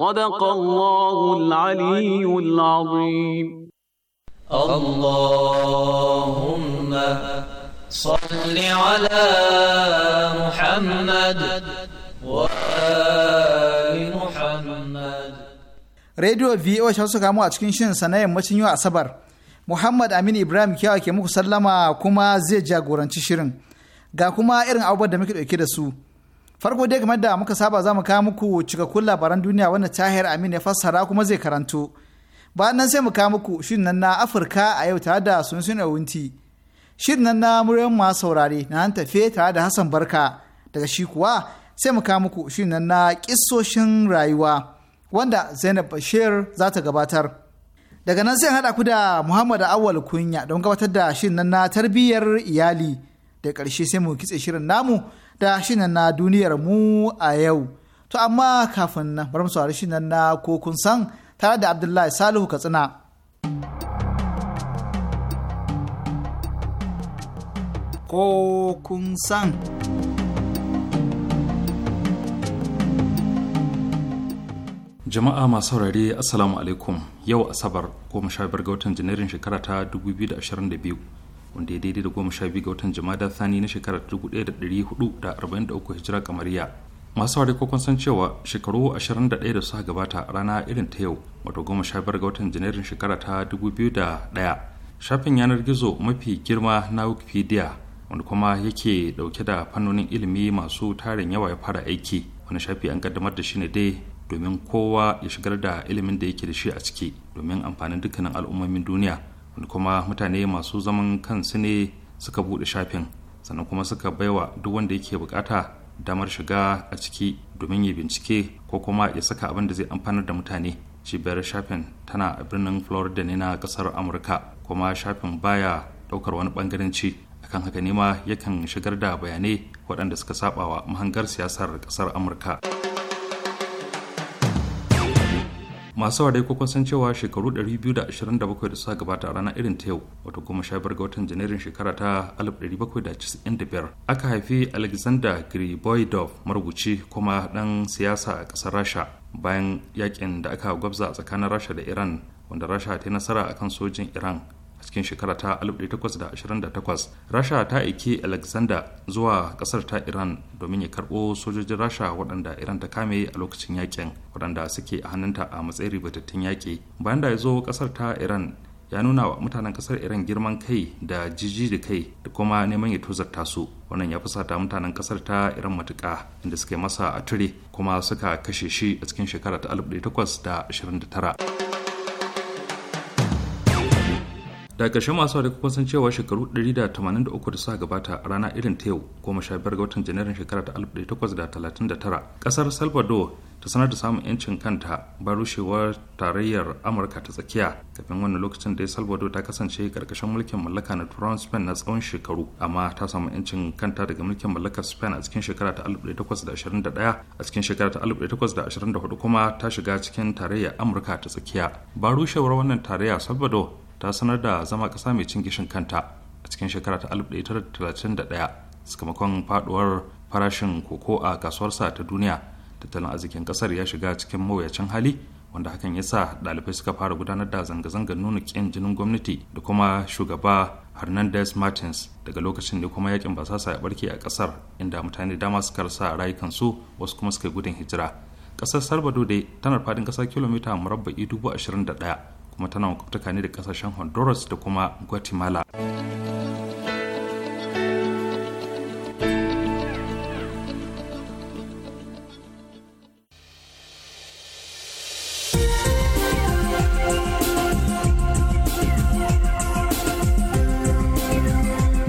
صدق الله العلي العظيم اللهم صل على محمد وآل محمد Radio VOA shi suka mu a cikin shirin sa na yammacin yau Asabar. Muhammad Amin Ibrahim kyawa ke muku sallama kuma zai jagoranci shirin. Ga kuma irin abubuwan da muke ɗauke da su. farko dai game da muka saba za mu kawo muku cikakkun labaran duniya wanda tahir amin ya fassara kuma zai karanto bayan nan sai mu kawo muku shirin nan na afirka a yau tare da sunsun wunti shirin nan na muryan ma saurare na nan tafe tare da hassan barka daga shi kuwa sai mu kawo muku shirin nan na kissoshin rayuwa wanda zainab bashir za ta gabatar daga nan sai haɗa ku da muhammad awal kunya don gabatar da shirin nan na tarbiyyar iyali da ƙarshe sai mu kitse shirin namu da shinan na duniyar mu a yau. To amma kafin nan bari mu saurari shinan na ko kun san tare da Abdullahi Salihu Katsina. Ko kun san. Jama'a masu saurare Assalamu alaikum yau Asabar goma ga watan Janairun shekara ta 2022. wanda ya daidai da goma sha biyu ga watan jama'a sani na shekarar dubu ɗaya da da da ɗari arba'in uku hijira kamariya masu ware ko kun san cewa shekaru ashirin da ɗaya da suka gabata rana irin ta yau wato goma sha biyar ga watan janairun shekara ta dubu biyu da ɗaya. shafin yanar gizo mafi girma na wikipedia wanda kuma yake ɗauke da fannonin ilimi masu tarin yawa ya fara aiki wani shafi an kaddamar da shi ne dai domin kowa ya shigar da ilimin da yake da shi a ciki domin amfanin dukkanin al'ummomin duniya wanda kuma mutane masu zaman kansu ne suka bude shafin sannan kuma suka baiwa duk wanda yake bukata damar shiga a ciki domin ya bincike ko kuma ya saka abin da zai amfanar da mutane cibiyar shafin tana a birnin florida ne na kasar amurka kuma shafin baya daukar wani ci akan haka nema yakan shigar da bayanai waɗanda suka sabawa mahangar siyasar kasar amurka. masu ware ko kasancewa cewa shekaru 227 da suka gabata a ranar irin ta yau wato goma sha biyar ga watan janairun shekara ta 1795 aka haifi alexander griboidov marubuci kuma dan siyasa a kasar rasha bayan yakin da aka gwabza tsakanin rasha da iran wanda rasha ta yi nasara a kan sojin iran a cikin shekara ta 1828 rasha ta aiki alexander zuwa kasar ta iran domin ya karbo sojojin rasha waɗanda iran ta kame a lokacin yakin waɗanda suke a hannunta a matsayin ribatattun yaƙi bayan da ya zo kasar ta iran ya nuna wa mutanen kasar iran girman kai da jiji da kai da kuma neman ya tozarta su wannan ya fusata mutanen kasar ta iran matuka inda suke masa a ture kuma suka kashe shi a cikin shekara ta 1829 da ƙarshen masu da kuma san cewa shekaru 183 da suka gabata a rana irin ta yau goma sha biyar ga watan janairun shekara ta 1839 ƙasar salvador ta sanar da samun yancin kanta ba rushewar tarayyar amurka ta tsakiya kafin wannan lokacin da ya salvador ta kasance ƙarƙashin mulkin mallaka na turawan spain na tsawon shekaru amma ta samu yancin kanta daga mulkin mallakar spain a cikin shekara ta 1821 a cikin shekara ta 1824 kuma ta shiga cikin tarayyar amurka ta tsakiya ba rushewar wannan tarayya salvador ta sanar da zama kasa mai cin gishin kanta a cikin shekara ta 1931 sakamakon faduwar farashin koko a kasuwarsa ta duniya tattalin arzikin kasar ya shiga cikin mawuyacin hali wanda hakan ya sa ɗalibai suka fara gudanar da zanga-zangar nuna ƙin jinin gwamnati da kuma shugaba hernandez martins daga lokacin ne kuma yakin basasa ya barke a kasar inda mutane dama suka rasa rayukansu wasu kuma suka gudun hijira ƙasar salvador dai tana faɗin ƙasar kilomita murabba'i dubu ashirin da ɗaya kuma tana makwabtaka ne da kasashen honduras da kuma guatemala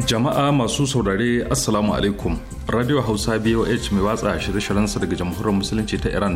jama'a masu saurare assalamu alaikum radio hausa boh mai watsa shirye-shiryensa daga jamhuriyar musulunci ta iran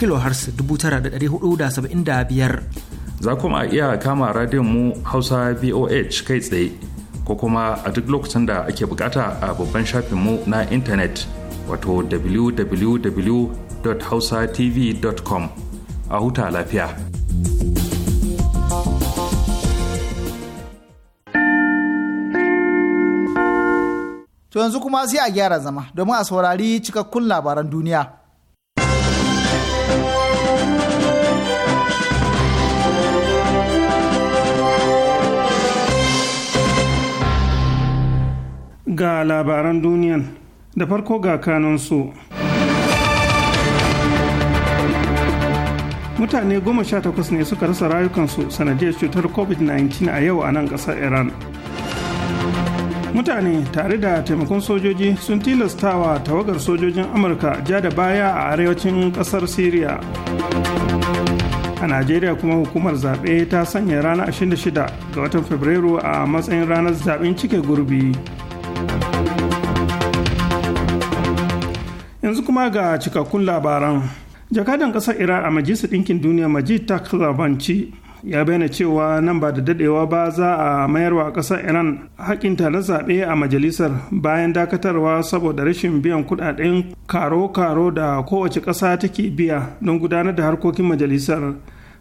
kilohertz 9475 za kuma iya kama radiyon mu hausa voh kai tsaye ko kuma a duk lokacin da ake bukata a babban mu na intanet wato www.hausatv.com a huta lafiya. To yanzu kuma sai a gyara zama domin a saurari cikakkun labaran duniya. ga labaran duniyan da farko ga kanunsu. mutane goma sha takwas ne suka rasa rayukansu sanadiyar cutar covid-19 a yau a nan ƙasar iran mutane tare da taimakon sojoji sun tilastawa tawagar sojojin amurka ja da baya a arewacin ƙasar syria a najeriya kuma hukumar zaɓe ta sanya ranar 26 ga watan fabrairu a matsayin ranar zaɓen cike gurbi yanzu kuma ga cikakkun labaran jakadan ƙasar iran a majalisar ɗinkin duniya majid taklabanci ya bayyana cewa nan ba da dadewa ba za a mayarwa ƙasar iran hakinta na zaɓe a majalisar bayan dakatarwa saboda rashin biyan kudaden karo-karo da kowace ƙasa take biya don gudanar da harkokin majalisar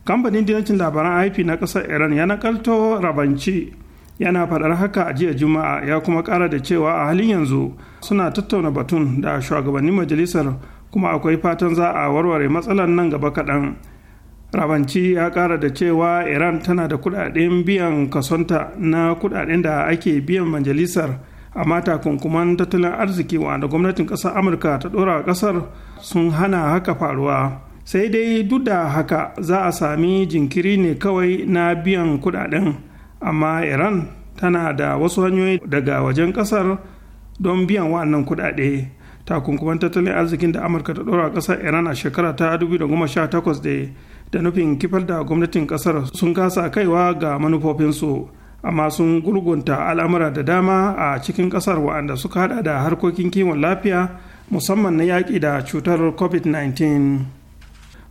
kamfanin dillancin labaran ip na kasar iran ya nakalto rabanci yana faɗar haka a jiya juma'a ya kuma ƙara da cewa a halin yanzu suna tattauna batun da shugabannin majalisar kuma akwai fatan za a warware matsalar nan gaba kaɗan rabanci ya ƙara da cewa iran tana da kuɗaɗen biyan kasonta na kuɗaɗen da ake biyan majalisar amma takunkuman tattalin arziki wanda gwamnatin ƙasar amurka ta ɗora ƙasar sun hana haka faruwa sai dai duk da haka za a sami jinkiri ne kawai na biyan kudaden amma iran tana da wasu hanyoyi daga wajen kasar don biyan wa'annan kuɗaɗe takunkuman tattalin arzikin da amurka ta ɗora ƙasar iran a shekara ta 2018 da da nufin kifar da gwamnatin ƙasar sun kasa kaiwa ga manufofinsu amma sun gurgunta al'amura da dama a cikin ƙasar wa'anda suka hada da harkokin kiwon lafiya musamman na yaƙi da cutar covid-19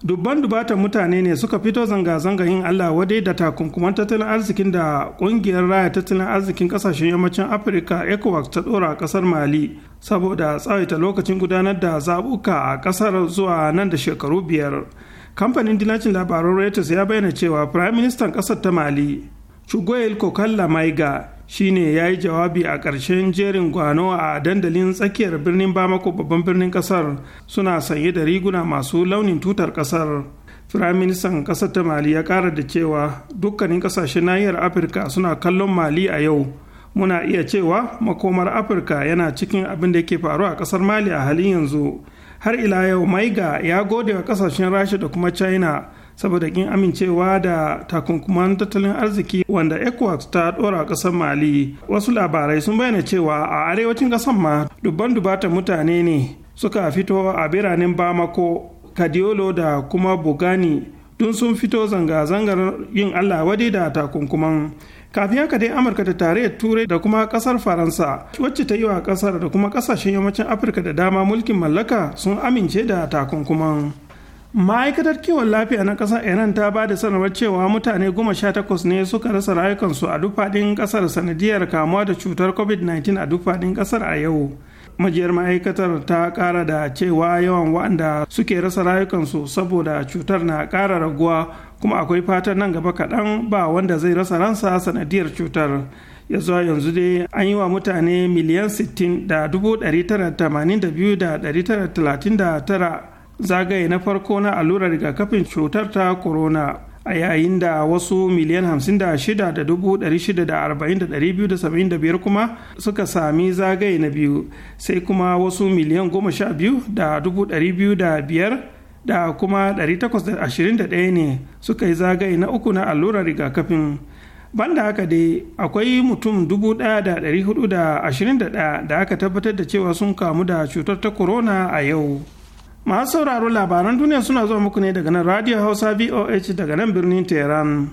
dubban dubatan mutane ne suka fito zanga-zanga yin Allah wadai da takunkuman tattalin arzikin da kungiyar raya tattalin arzikin kasashen yammacin Afirka ECOWAS ta dora a kasar Mali saboda tsawaita lokacin gudanar da zabuka a kasar zuwa nan da shekaru biyar. Kamfanin dinacin labarun Reuters ya bayyana cewa Firayim Ministan kasar ta Mali, Chugoyel Kokalla Maiga, shine ya yi jawabi a ƙarshen jerin gwano a dandalin tsakiyar birnin bamako babban birnin ƙasar suna sanye da riguna masu launin tutar ƙasar firaministan ƙasar ta mali ya ƙara da cewa dukkanin ƙasashen nahiyar afirka suna kallon mali a yau muna iya cewa makomar afirka yana cikin abin da ke faru a ƙasar mali a halin yanzu har ila yau maiga ya gode wa ƙasashen rasha da kuma china saboda kin amincewa da takunkuman tattalin arziki wanda ecowas ta dora kasar mali wasu labarai sun bayyana cewa a arewacin kasar ma dubban dubatan mutane ne suka fito a biranen bamako kadiolo da kuma bugani dun sun fito zanga-zangar yin allah wadi da takunkuman kafin haka dai amurka da tarayyar turai da kuma kasar faransa wacce ta yi wa kasar da kuma kasashen yammacin afirka da dama mulkin mallaka sun amince da takunkuman ma'aikatar kiwon lafiya na ƙasar iran ta ba da sanarwar cewa mutane goma sha takwas ne suka rasa rayukansu a duk faɗin ƙasar sanadiyar kamuwa da cutar covid-19 a duk faɗin ƙasar a yau majiyar ma'aikatar ta ƙara da cewa yawan waɗanda suke rasa rayukansu saboda cutar na ƙara raguwa kuma akwai fatan nan gaba kaɗan ba wanda zai rasa ransa sanadiyar cutar ya zuwa yanzu dai an yi wa mutane miliyan 60 da zagaye na farko na allurar rigakafin cutar ta corona a yayin da wasu miliyan 56,640,275 kuma suka sami zagaye na biyu sai kuma wasu miliyan 12,205 da kuma 821 ne suka yi zagaye na uku na allurar rigakafin banda haka dai akwai mutum 1,421 da aka tabbatar da cewa sun kamu da cutar ta corona a yau. masu sauraro labaran duniya suna zuwa muku ne daga nan radio hausa voh daga nan birnin tehran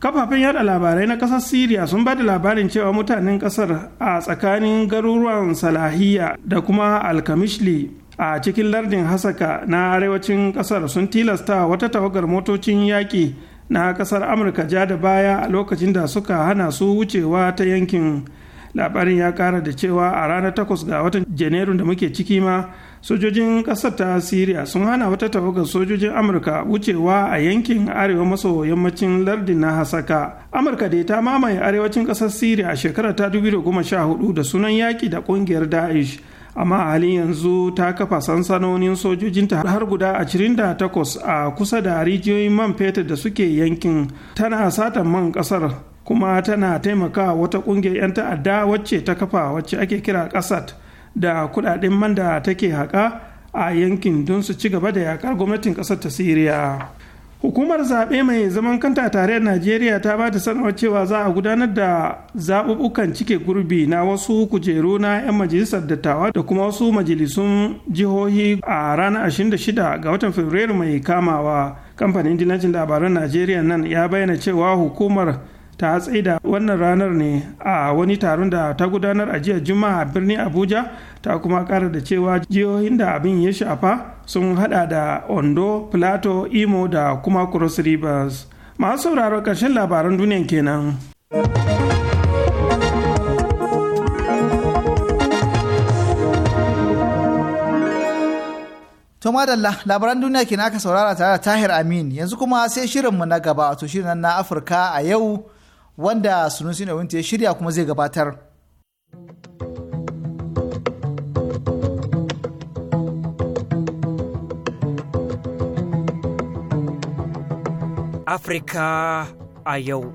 kafafen yada labarai na kasar syria sun ba da labarin cewa mutanen kasar a tsakanin garuruwan salahiya da kuma alkamishli a cikin lardin hasaka na arewacin kasar sun tilasta wata tawagar motocin yaƙi na kasar amurka ja da baya a lokacin da suka hana su wucewa ta yankin labarin ya kara da cewa a ranar 8 ga watan janairun da muke ciki ma sojojin kasar ta syria sun hana wata tawagar sojojin amurka wucewa a yankin arewa maso yammacin lardin na hasaka amurka dai ta mamaye arewacin kasar syria a shekarar ta 2014 da sunan yaki da kungiyar daesh amma a halin yanzu ta kafa sansanonin sojojinta har guda 28 a kusa da rijiyoyin man fetur da suke yankin tana satan man kasar kuma tana taimakawa wata kungiyar 'yan ta'adda wacce ta kafa wacce ake kira kasat da kudaden man da take haƙa a yankin don su ci gaba da yakar gwamnatin ƙasar ta siriya hukumar zaɓe mai zaman kanta tarayyar najeriya ta ba da sanarwar cewa za a gudanar da zaɓuɓɓukan cike gurbi na wasu kujeru na 'yan majalisar dattawa da kuma wasu majalisun jihohi a ranar 26 ga watan fabrairu mai kamawa kamfanin dinajin labaran najeriya nan ya bayyana cewa hukumar ta da wannan ranar ne a wani taron da ta gudanar a jiya juma'a birnin abuja ta kuma kara da cewa jihohin da abin ya shafa sun hada da ondo plato imo da kuma cross rivers masu sauraro karshen labaran duniya kenan To madalla labaran duniya ke aka saurara tare da Tahir Amin yanzu kuma sai shirinmu na gaba wato shirin na Afirka a yau wanda sunusi wunta ya shirya kuma zai gabatar. Afirka a yau.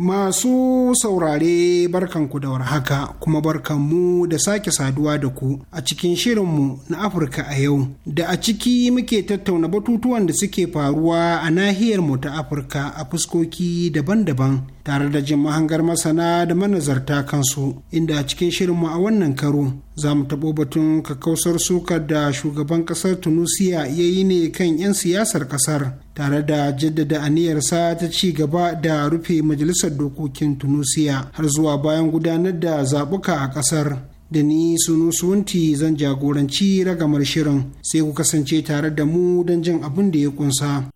Masu saurare barkanku da warhaka kuma barkanmu da sake saduwa da ku a cikin shirinmu na Afirka a yau da a ciki muke tattauna batutuwan da suke faruwa a nahiyar mu ta Afirka a fuskoki daban-daban. tare da jin mahangar masana da manazarta kansu inda a cikin shirinmu a wannan karo za mu taɓo batun kakkausar suka da shugaban ƙasar tunisia ya yi ne kan 'yan siyasar ƙasar tare da jaddada aniyarsa ta ci gaba da rufe majalisar dokokin tunisia har zuwa bayan gudanar da zaɓuka a ƙasar da ni sunu suwanti zan jagoranci ragamar shirin sai ku kasance tare da mu don jin abin da ya ƙunsa.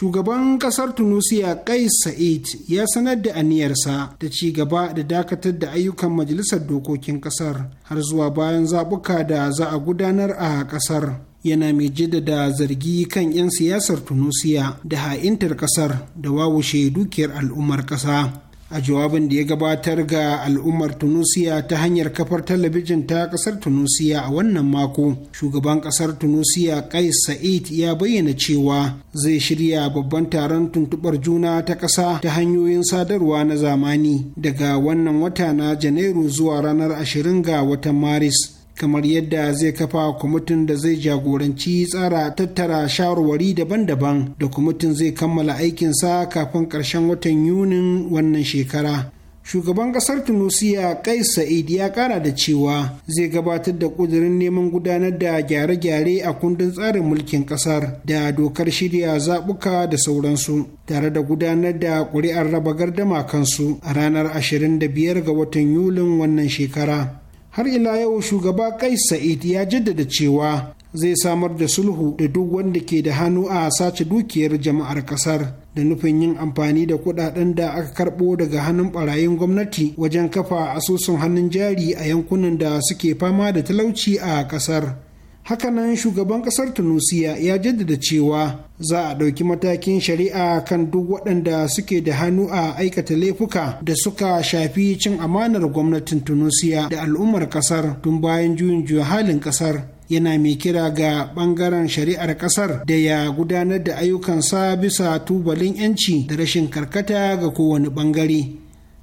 Shugaban kasar Tunusiya Kais Sa'id ya sanar da aniyarsa da ci gaba da dakatar da ayyukan majalisar dokokin kasar har zuwa bayan zaɓuka da za a gudanar a kasar. yana mai jaddada zargi kan 'yan siyasar tunusiya da ha'intar kasar da wawushe dukiyar al'ummar kasa a jawabin da ya gabatar ga al'ummar tunisia ta hanyar kafar talabijin ta kasar tunisia a wannan mako shugaban kasar tunisia kais sa'id ya bayyana cewa zai shirya babban taron tuntubar juna ta ƙasa ta hanyoyin sadarwa na zamani daga wannan wata na janairu zuwa ranar 20 ga watan maris kamar yadda zai kafa kwamitin da zai jagoranci tsara tattara shawarwari daban-daban da kwamitin zai kammala aikinsa kafin ƙarshen watan yunin wannan shekara shugaban kasar tunisia kai sa'id ya kara da cewa zai gabatar da ƙudurin neman gudanar da gyare-gyare a kundin tsarin mulkin kasar da dokar shirya zaɓuka da sauransu tare da gudanar da ƙuri'ar raba gardama kansu a ranar 25 ga watan yulin wannan shekara har ila yau shugaba kais sa'id ya jaddada cewa zai samar da sulhu da duk wanda ke da hannu a sace dukiyar jama'ar kasar da nufin yin amfani da kudaden da aka karbo daga hannun barayin gwamnati wajen kafa asusun hannun jari a yankunan da suke fama da talauci a kasar hakanan shugaban ƙasar tunisia ya jaddada cewa za a ɗauki matakin shari'a kan duk waɗanda suke da hannu a aikata laifuka da suka shafi cin amanar gwamnatin tunisia da al'ummar ƙasar, tun bayan juyin juya halin ƙasar, yana mai kira ga ɓangaren shari'ar ƙasar da ya gudanar da ayyukansa bisa tubalin 'yanci da rashin karkata ga kowane ɓangare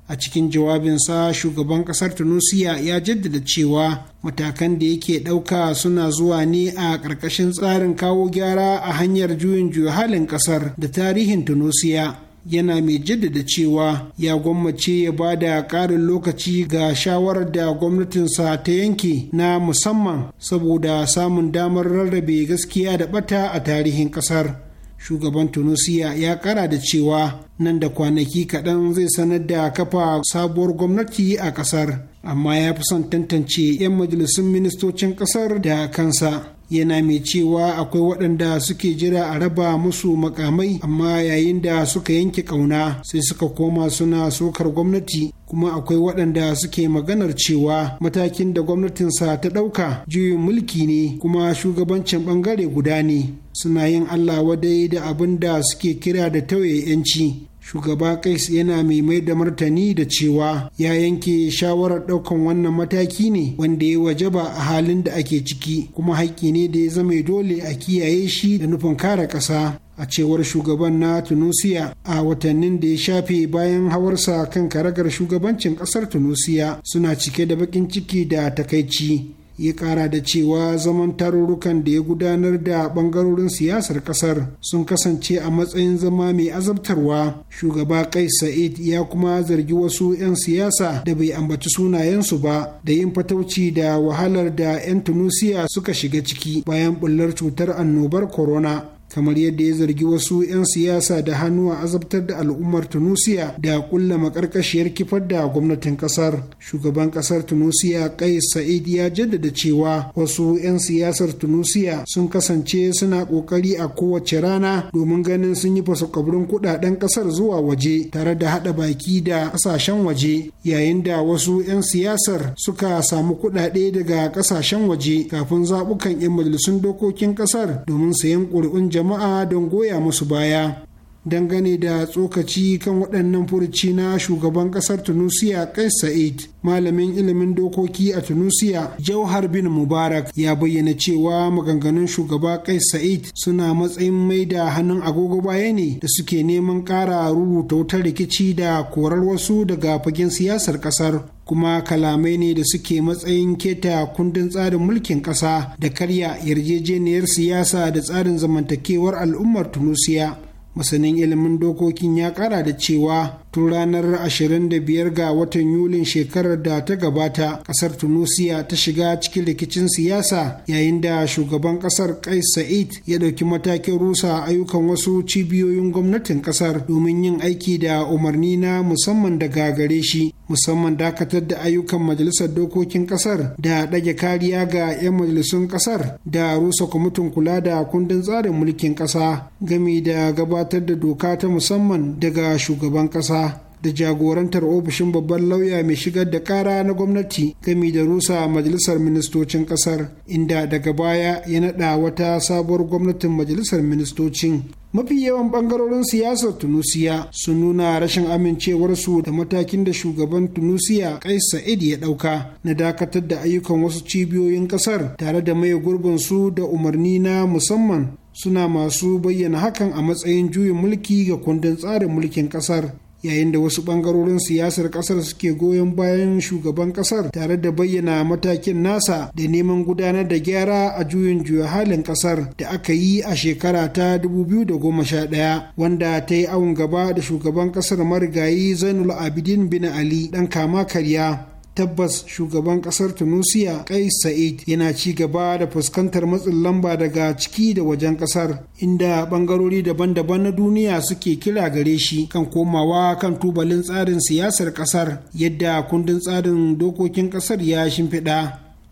a cikin jawabinsa shugaban kasar tunisia ya jaddada cewa matakan da yake ɗauka suna zuwa ne a ƙarƙashin tsarin kawo gyara a hanyar juyin juya halin ƙasar da tarihin tunisia yana mai jaddada cewa ya gwammace ya ba da ƙarin lokaci ga shawarar da gwamnatinsa ta yanke na musamman saboda samun damar rarrabe gaskiya da ɓata a tarihin ƙasar shugaban tunisia ya kara da cewa nan da kwanaki kaɗan zai sanar da kafa sabuwar gwamnati a ƙasar amma ya fi son tantance 'yan majalisun ministocin ƙasar da kansa yana mai cewa akwai waɗanda suke jira a raba musu makamai amma yayin da suka yanke ƙauna sai suka koma suna sokar gwamnati kuma akwai waɗanda suke maganar cewa matakin da gwamnatinsa ta ɗauka juyin mulki ne kuma shugabancin ɓangare guda ne suna yin allah wadai da abin da suke kira da tauye 'yanci shugaba kais yana mai mai da martani da cewa ya yanke shawarar daukan wannan mataki ne wanda ya wajaba a halin da ake ciki kuma haƙƙi ne da ya zama dole a kiyaye shi da nufin kare ƙasa a cewar shugaban na tunisia a watannin da ya shafe bayan hawarsa kan karagar shugabancin kasar tunisia suna cike da bakin ciki da takaici ya kara da cewa zaman tarurrukan da ya gudanar da bangarorin siyasar kasar sun kasance a matsayin zama mai azabtarwa shugaba kai sa'id ya kuma zargi wasu 'yan siyasa da bai ambaci sunayensu ba da yin fatauci da wahalar da 'yan tunisia suka shiga ciki bayan bullar cutar annobar corona kamar yadda ya zargi wasu 'yan siyasa da hannu a azabtar da al'ummar tunusiya da kulla makarkashiyar kifar da gwamnatin kasar shugaban kasar tunusiya kai sa'id ya jaddada cewa wasu 'yan siyasar tunusiya sun kasance suna kokari a kowace rana domin ganin sun yi fasakabrin kudaden kasar zuwa waje tare da hada baki da kasashen waje yayin da wasu 'yan siyasar suka samu kudade daga kasashen waje kafin zabukan 'yan majalisun dokokin kasar domin sayan ƙuri'un jama'a don goya musu baya dangane da tsokaci kan waɗannan furuci na shugaban ƙasar tunisia kai sa'id malamin ilimin dokoki a tunisia jauhar bin mubarak ya bayyana cewa maganganun shugaba kai sa'id suna matsayin mai da hannun agogo baya ne da suke neman ƙara rubuta wutar rikici da korar wasu daga fagen siyasar ƙasar kuma kalamai ne da suke matsayin keta kundin tsarin mulkin ƙasa da karya yarjejeniyar siyasa da tsarin zamantakewar al'ummar tunisia masanin ilimin dokokin ya kara da cewa tun ranar 25 ga watan yulin shekarar da ta gabata kasar tunisia ta shiga cikin rikicin siyasa yayin da shugaban kasar kais sa'id ya ɗauki matakin rusa ayyukan wasu cibiyoyin gwamnatin kasar domin yin aiki da umarni na musamman daga gare shi musamman dakatar da ayyukan majalisar dokokin kasar da ɗage kariya ga 'yan majalisun kasar da rusa kwamitin kula da kundin tsarin mulkin ƙasa, gami da gabatar da doka ta musamman daga shugaban ƙasa, da jagorantar ofishin babban lauya mai shigar da kara na gwamnati gami da rusa majalisar ministocin ƙasar, inda daga baya ya naɗa wata sabuwar gwamnatin majalisar ministocin mafi yawan bangarorin siyasar tunusiya sun nuna rashin amincewarsu da matakin da shugaban tunusiya kais sa'id ya ɗauka na dakatar da ayyukan wasu cibiyoyin ƙasar tare da mai gurbinsu da umarni na musamman suna masu bayyana hakan a matsayin juyin mulki ga kundin tsarin mulkin ƙasar yayin da wasu ɓangarorin siyasar ƙasar suke goyon bayan shugaban ƙasar tare da bayyana matakin nasa da neman gudanar da gyara a juyin juya halin ƙasar da aka yi a shekara ta 2011 wanda ta yi awon gaba da shugaban ƙasar marigayi zainul abidin bin ali dan kama karya tabbas shugaban kasar tunisia kai sa'id yana ci gaba da fuskantar matsin lamba daga ciki da wajen kasar inda bangarori daban-daban na duniya suke kira gare shi kan komawa kan tubalin tsarin siyasar kasar yadda kundin tsarin dokokin kasar ya shimfiɗa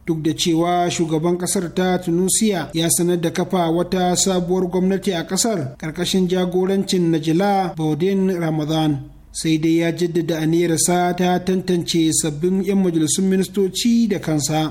duk da cewa shugaban kasar ta tunisia ya sanar da kafa wata sabuwar gwamnati a kasar ƙarƙashin jagorancin najila baudin ramadan sai dai ya jaddada aniyarsa ta tantance sabbin 'yan majalisun ministoci da kansa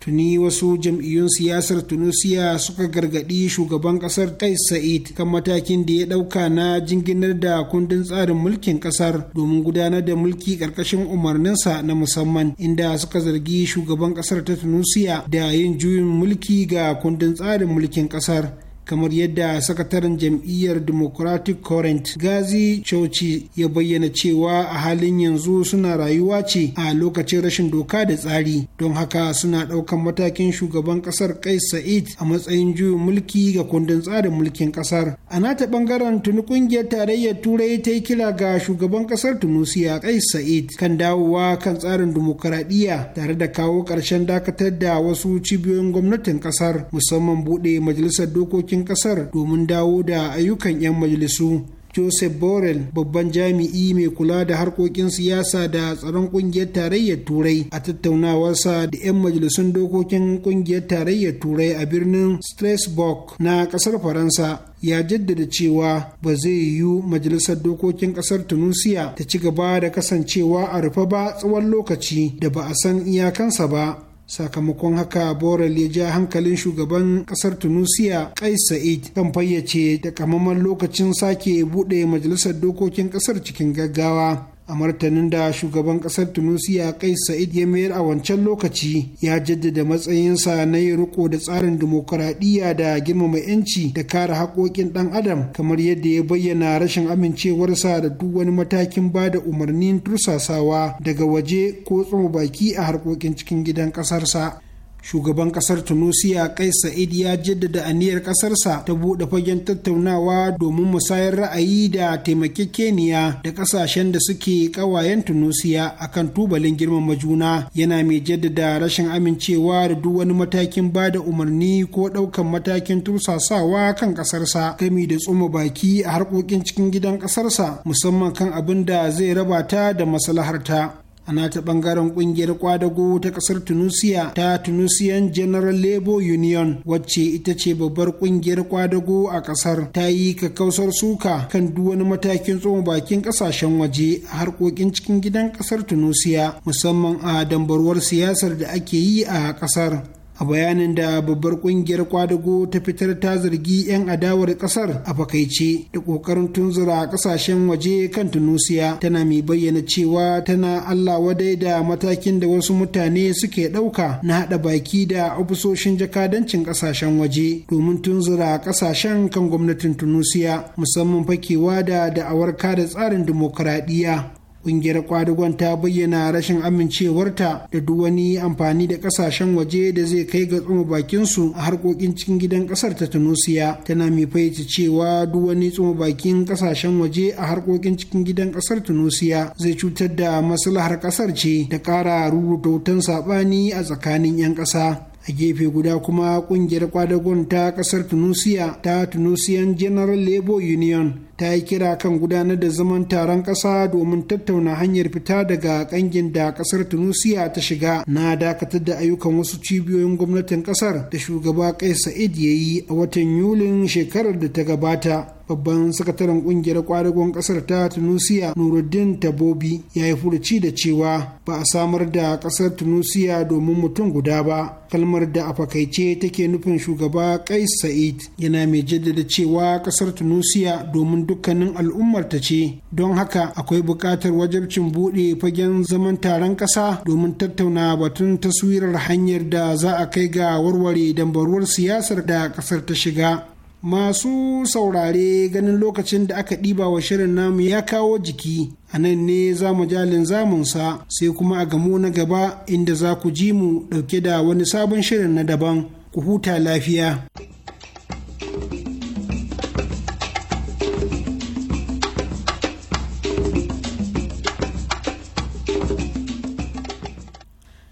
tuni wasu jam'iyyun siyasar tunisia suka gargadi shugaban kasar tais sa'id kan matakin da ya dauka na jinginar da kundin tsarin mulkin kasar domin gudanar da mulki karkashin umarninsa na musamman inda suka zargi shugaban kasar ta tunisia da yin juyin mulki ga kundin tsarin mulkin kasar. kamar yadda sakataren jam'iyyar democratic current gazi coci ya bayyana cewa a halin yanzu suna rayuwa ce a lokacin rashin doka da tsari don haka suna ɗaukan matakin shugaban ƙasar kai sa'id a matsayin juyin mulki ga kundin tsarin mulkin ƙasar a nata ɓangaren tuni ƙungiyar tarayyar turai ta yi kila ga shugaban ƙasar tunusiya kai sa'id kan dawowa kan tsarin dimokuraɗiyya tare da kawo ƙarshen dakatar da wasu cibiyoyin gwamnatin ƙasar musamman buɗe majalisar dokokin cikin kasar domin dawo da ayyukan 'yan majalisu Joseph Borrell babban jami'i mai kula da harkokin siyasa da tsaron kungiyar tarayyar Turai a tattaunawarsa da 'yan majalisun dokokin kungiyar tarayyar Turai a birnin Strasbourg na kasar Faransa ya jaddada cewa ba zai yiwu majalisar dokokin kasar Tunisia ta ci gaba da kasancewa a rufe ba tsawon lokaci da ba a san iyakansa ba. sakamakon haka borel ya ja hankalin shugaban kasar tunisia kai sa'id kan fayyace da kamaman lokacin sake buɗe majalisar dokokin kasar cikin gaggawa a martanin da shugaban kasar tunisia kai sa'id ya mayar a wancan lokaci ya jaddada matsayinsa na yi riko da tsarin dimokuraɗiyya da girmama 'yanci da kare haƙoƙin ɗan adam kamar yadda ya bayyana rashin amincewarsa da duk wani matakin ba da umarnin tursasawa daga waje ko tsoma baki a harkokin cikin gidan ƙasarsa shugaban kasar tunisia kai sa'id ya jaddada aniyar kasarsa ta buɗe fagen tattaunawa domin musayar ra'ayi da keniya da ƙasashen da suke ƙawayen tunisia akan tubalin girmama juna yana mai jaddada rashin amincewa da duk wani matakin ba da umarni ko ɗaukan matakin tursasawa kan ƙasarsa, gami da tsuma baki a harkokin cikin gidan ƙasarsa, musamman kan abin da zai raba ta da maslaharta a nata bangaren kungiyar kwadago ta kasar tunisia ta tunisian general labour union wacce ita ce babbar kungiyar kwadago a kasar ta yi kakkausar suka kan duk wani matakin tsoma bakin kasashen waje a harkokin cikin gidan kasar tunisia musamman a dambarwar siyasar da ake yi a kasar a bayanin da babbar kungiyar kwadago ta fitar ta zargi 'yan adawar kasar a fakaice da kokarin tunzura kasashen waje kan tunusiya tana mai bayyana cewa tana allah wadai da matakin da wasu mutane suke ɗauka na haɗa baki da ofisoshin jakadancin kasashen waje domin tunzura kasashen kan gwamnatin tunusiya musamman fakewa da da'awar da tsarin dimokuraɗiyya Ƙungiyar kwadugon ta bayyana rashin amincewarta da duk wani amfani da ƙasashen waje da zai kai ga tsuma bakinsu a harkokin cikin gidan ƙasar ta Tunusiya. Tana mai fahimci cewa duk wani tsuma bakin ƙasashen waje a harkokin cikin gidan ƙasar Tunusiya zai cutar da maslahar ƙasar ce da ƙara rubuta saɓani a tsakanin 'yan ƙasa. a gefe guda kuma kungiyar kwadagon ta kasar tunisia ta tunisian general labour union ta yi kira kan gudanar da zaman taron ƙasa domin tattauna hanyar fita daga ƙangin da ƙasar tunisia ta shiga na dakatar da ayyukan wasu cibiyoyin gwamnatin ƙasar da shugaba kai sa'id ya yi a watan yulin shekarar da ta gabata babban sakataren kungiyar kwadagon kasar ta tunisia nuruddin tabobi ya yi furuci da cewa ba a samar da kasar tunisia domin mutum guda ba kalmar da a fakaice take nufin shugaba kais sa'id yana mai jaddada cewa kasar tunisia domin dukkanin al'ummar ta ce don haka akwai buƙatar wajabcin buɗe fagen zaman taron ƙasa domin tattauna batun taswirar hanyar da za a kai ga warware dambaruwar siyasar da ƙasar ta shiga Masu saurare ganin lokacin da aka ɗiba wa shirin namu ya kawo jiki, a nan ne za mu jalin zamunsa sai kuma a gamo na gaba inda za ku ji mu ɗauke da wani sabon shirin na daban, ku huta lafiya.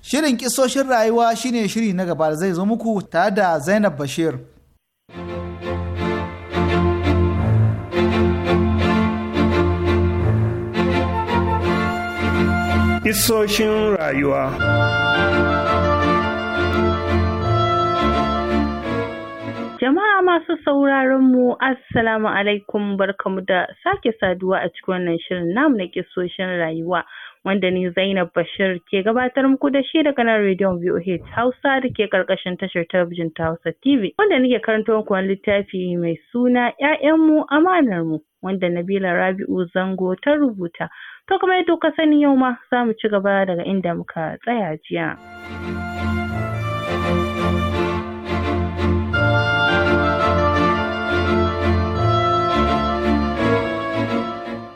Shirin kisoshin rayuwa shine shiri na gaba da zai zo muku tare da Zainab Bashir. Hissoshin rayuwa Jama'a masu sauraron mu Assalamu alaikum barkamu da sake saduwa a cikin wannan shirin namu na kisoshin rayuwa wanda ni Zainab Bashir ke gabatar muku da shi daga nan rediyon VOH Hausa da ke karkashin tashar talabijin ta Hausa TV wanda nake karanta muku wani littafi mai suna ‘Ya'yanmu amanar mu wanda Nabila Rabi'u Zango ta rubuta To kuma yadda kuka sani yau ma za mu ci gaba daga inda muka tsaya jiya.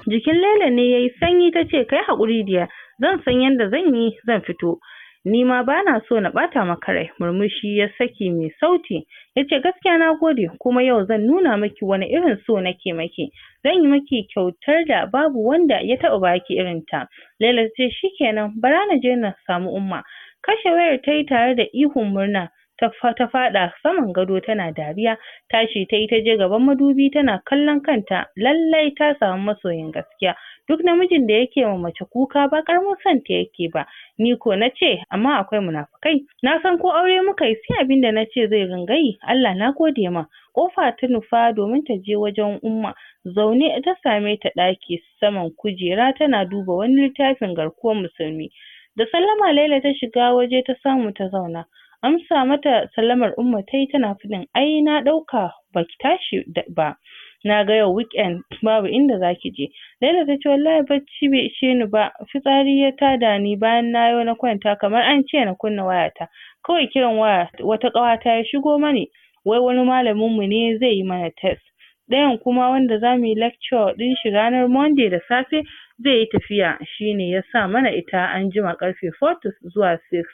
Jikin lele ne ya yi sanyi ta ce, Kai haƙuri diya, zan san yadda zan yi zan fito. Nima bana so na ɓata maka rai murmushi ya saki mai sauti yace gaskiya na gode kuma yau zan nuna maki wani irin so nake maki zan yi maki kyautar da babu wanda ya taɓa baki irin ta Laila tace shikenan bara na je na samu Umma kashe wayar tayi tare da ihun murna ta faɗa saman gado tana dariya tashi tayi taje gaban madubi tana kallon kanta lallai ta samu masoyin gaskiya duk namijin da yake ma mace kuka ba ƙaramin son ta yake ba ni ko na ce amma akwai munafukai na san ko aure muka yi sai abin da na ce zai ringa yi Allah na gode ma kofa ta nufa domin ta je wajen umma zaune ta same ta ɗaki saman kujera tana duba wani littafin garkuwar musulmi da sallama Laila ta shiga waje ta samu ta zauna amsa mata sallamar umma ta tana faɗin ai na ɗauka baki tashi ba na ga yau weekend babu inda zaki je Laila ta ce wallahi bacci bai ishe ni ba fitsari ya tada ni bayan na nayo na kwanta kamar an ce na kunna wayata kawai kiran waya wata ƙawata ya shigo mani wai wani malamin mu ne zai yi mana test ɗayan kuma wanda zamu yi lecture ɗin shi ranar Monday da safe zai yi tafiya shine ya sa mana ita an jima ƙarfe four zuwa six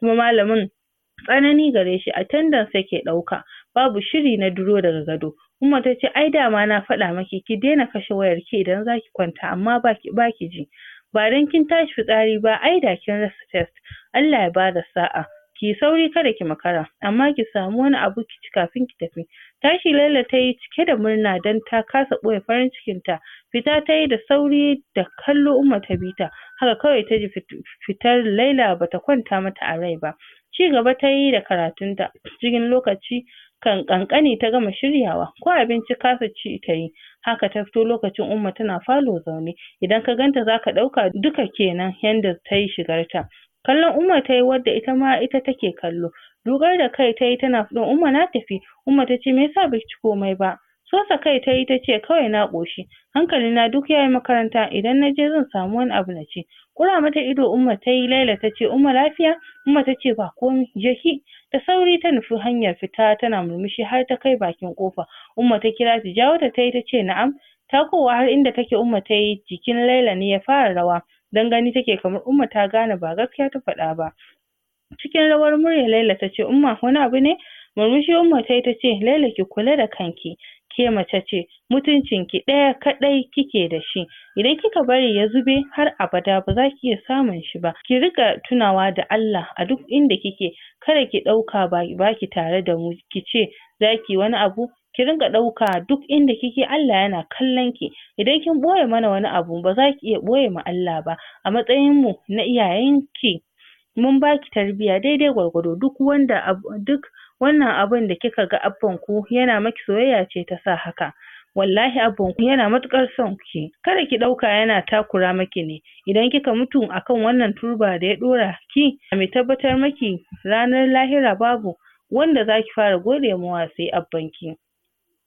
kuma malamin tsanani gare shi attendance yake ɗauka babu shiri na duro daga gado Umma ta ce ai dama na faɗa maki ki daina kashe wayarki idan zaki kwanta amma ba ki ji. Ba don kin tashi fitsari ba ai da kin rasa test. Allah ya bada sa'a. Ki sauri kada ki makara amma ki samu wani abu ki ci kafin ki tafi. Tashi Laila ta cike da murna don ta kasa ɓoye farin cikin ta Fita ta yi da sauri da kallo Umma ta bi ta. Haka kawai ta ji fitar Laila bata kwanta mata a rai ba. Ci gaba ta yi da karatunta cikin lokaci kan kankani ta gama shiryawa ko abinci kasa ci ta yi haka ta fito lokacin umma tana falo zaune idan ka ganta zaka ɗauka duka kenan yanda ta yi shigarta kallon umma ta yi wadda ita ma ita take kallo dugar da kai ta yi tana faɗin umma na tafi umma ta ce me yasa baki ci komai ba sosa kai ta yi ta ce kawai na ƙoshi hankalina duk yayi makaranta idan na je zan samu wani abu na ci ƙura mata ido umma ta yi laila ta ce umma lafiya umma ta ce ba komai, jahi Da sauri ta nufi hanyar fita tana murmushi har ta kai bakin kofa. Umma ta kira ta yi ta tace na'am. ta Takowa har inda take Umma tayi jikin Laila ne ya fara rawa don gani take kamar Umma ta gane ba gaskiya ta faɗa ba. Cikin rawar murya Laila tace Umma wani abu ne? Murmushi Umma ta tace Laila ki kula da kanki ke mace ce mutuncin ki ɗaya kaɗai kike da shi idan kika bari ya zube har abada ba za ki iya samun shi ba ki riƙa tunawa da Allah a duk inda kike kada ki ɗauka ba ki tare da mu ki ce za ki wani abu ki ringa ɗauka duk inda kike Allah yana kallon ki idan kin ɓoye mana wani abu ba za ki iya ɓoye ma Allah ba a matsayin mu na iyayenki mun baki tarbiyya daidai gwargwado duk wanda abu duk wannan abun da kika ga abban ku yana maki soyayya ce ta sa haka wallahi abban ku yana matuƙar son ki kada ki ɗauka yana takura maki ne idan kika mutu akan wannan turba da ya ɗora ki mai tabbatar maki ranar lahira babu wanda zaki fara gode mawa sai abban ki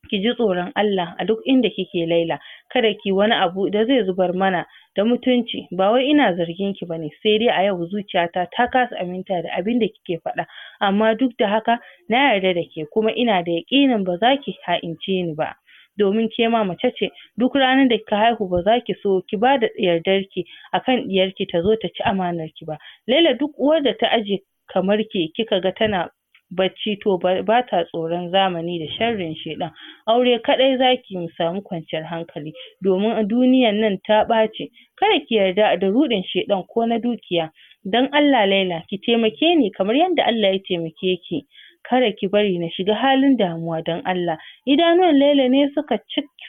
ki ji tsoron Allah a duk inda kike Laila kada ki wani abu da zai zubar mana da mutunci ba wai ina zargin ki bane sai dai a yau zuciyata ta kasa aminta da abin da kike faɗa amma duk da haka na yarda da ke kuma ina da yaƙinin ba za ki ha'ince ni ba domin ke ma mace ce duk ranar da kika haihu ba za ki so ki ba da yardar ki akan ɗiyar ki ta zo ta ci amanar ki ba Laila duk uwar da ta aje kamar ke kika ga tana bacci to bata tsoron zamani da sharrin shaiɗan aure kaɗai zaki mu samu kwanciyar hankali domin duniyan nan ta ɓaci kada ki yarda da ruɗin shaiɗan ko na dukiya don Allah Laila ki taimake ni kamar yadda Allah ya taimake ki kada ki bari na shiga halin damuwa don Allah idanuwan Laila ne suka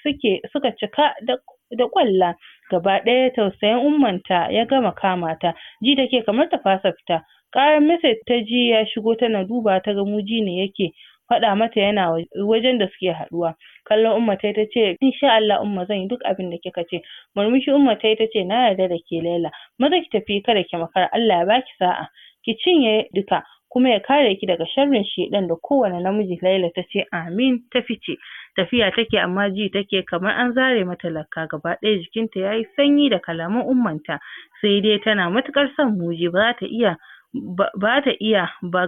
suke suka cika da da ƙwalla gaba ɗaya tausayin ummanta ya gama kama ta ji take kamar ta fasa fita Karar mace ta ji ya shigo tana duba ta ga Muji ne yake faɗa mata yana wajen da suke haɗuwa. Kallon Umma ta ce insha Allah Umma zan yi duk abin da kika ce. Murmushi Umma tayi ce na yarda da ke Laila. Maza ki tafi kada ki makara Allah ya baki sa'a. Ki cinye duka kuma ya kare ki daga sharrin shedan da kowane namiji Laila ce amin ta fice. Tafiya take amma ji take kamar an zare mata lakka gaba ɗaya jikinta yayi sanyi da kalaman ummanta sai dai tana matuƙar son Muji ba za ta iya bata iya ba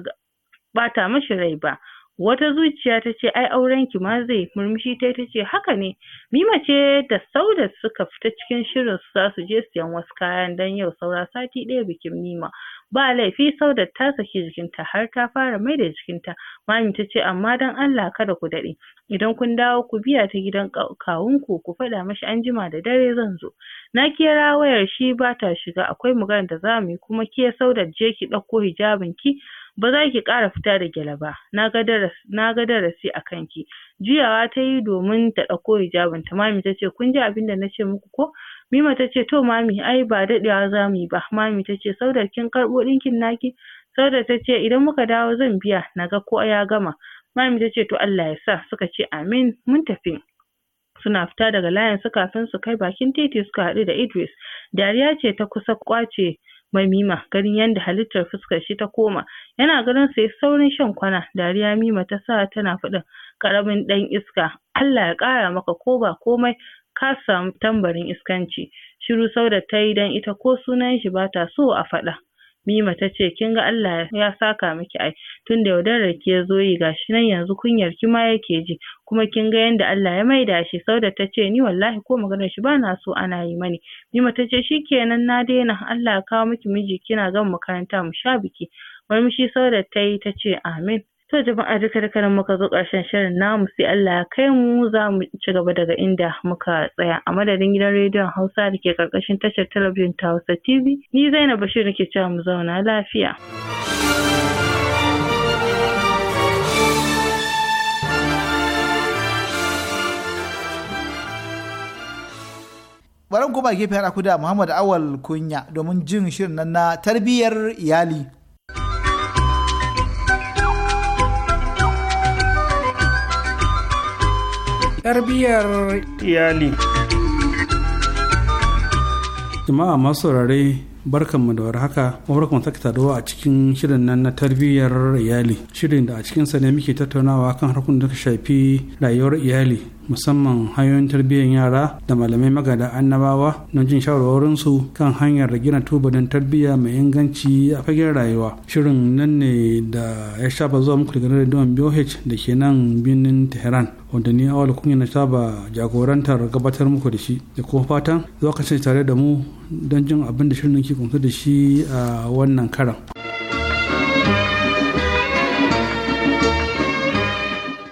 ɓata mishi rai ba wata zuciya tace ai auren ki ma zai murmushi tayi tace haka ne Mima ce da sauda suka fita cikin shirin su zasu je siyan wasu kayan dan yau saura sati ɗaya bikin Mima Ba laifi Saudat ta saki jikinta har ta fara maida jikinta. Mami ta ce amma don Allah kada ku daɗe. Idan kun dawo ku biya ta gidan kawunku ku faɗa mashi an jima da dare zan zo. Na kira wayar shi ba ta shiga akwai magana da za mu yi kuma ke Saudat je ki ɗauko hijabin ki ba za ki ƙara fita da gyale ba na ga darasi a kanki juyawa ta yi domin ta ɗauko hijabin ta mami ta ce kun ji abin da na ce muku ko Mima ta ce to mami ai ba daɗewa za mu yi ba mami ta ce saudar kin karɓo ɗinkin naki saudar ta ce idan muka dawo zan biya na ga ko ya gama mami ta ce to Allah ya sa suka ce amin mun tafi suna fita daga layin su kafin su kai bakin titi suka haɗu da Idris. Dariya ce ta kusa ƙwace Mamima ganin yadda halittar fuskar shi ta koma yana ganin sa yayi saurin shan kwana dariya Mima ta sa tana faɗin ƙaramin ɗan iska Allah ya ƙara maka ko ba komai ka samu tambarin iskanci shiru Saudat ta yi don ita ko sunan shi bata so a faɗa Mima ta ce kin ga Allah ya saka miki ai tunda yaudarar ki ya zo yi gashi nan yanzu kunyar ki ma yake ji kuma kin ga yadda Allah ya maida shi Saudat ta ce ni wallahi ko maganar shi bana so ana yi mani Mima ta ce shikenan na daina Allah ya kawo miki miji kina gama makaranta mu sha biki murmushi Saudat ta yi ta ce amin To jama'a duka da kanan muka zo ƙarshen shirin namu sai Allah ya kai mu za mu ci gaba daga inda muka tsaya a madadin gidan rediyon Hausa da ke ƙarƙashin tashar talabijin ta Hausa TV. Ni Zainab Bashir nake cewa mu zauna lafiya. Baran kuma gefe haɗa kuda Muhammad Awal Kunya domin jin shirin nan na tarbiyyar iyali. tarbiyyar iyali jama'a masu saurare barkanmu da haka kuma barkanmu sake taruwa a cikin shirin nan na tarbiyyar iyali shirin da a cikinsa ne muke tattaunawa kan harkokin da ka shafi rayuwar iyali musamman hanyoyin tarbiyyar yara da malamai magada annabawa na jin shawarwarinsu kan hanyar da gina don tarbiyya mai inganci a fagen rayuwa shirin nan ne da ya shafa zuwa muku daga rediyon boh da ke nan birnin tehran wanda ni awal kunya na shaba jagorantar gabatar muku da shi da kuma fatan zuwa kasance tare da mu don jin abin da shirin ke kunsa da shi a wannan karan.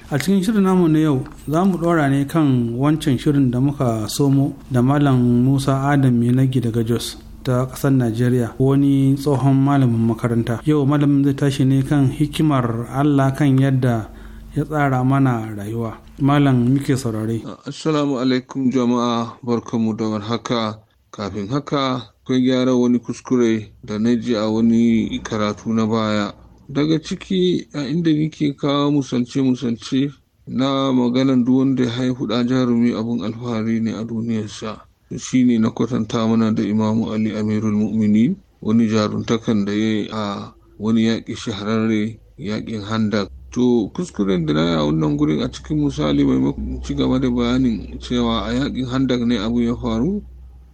a cikin shirin namu na yau za mu ɗora ne kan wancan shirin da muka somo da malam musa adam nagi daga jos ta ƙasar najeriya wani tsohon malamin makaranta yau malamin zai tashi ne kan hikimar allah kan yadda ya tsara mana rayuwa malam muke saurare assalamu alaikum jama'a barkamu da haka. kafin haka kun gyara wani kuskure da na ji a wani karatu na baya daga ciki a inda nike kawo musance-musance na maganan duk wanda ya haihu da jarumi abin alfahari ne a duniyarsa shi shine na kwatanta mana da imamu ali amirul mu'mini wani jaruntakan da ya a wani yaƙi shahararre yaƙin handak to kuskuren da na yi a wannan gurin a cikin misali mai ci gaba da bayanin cewa a yaƙin handak ne abu ya faru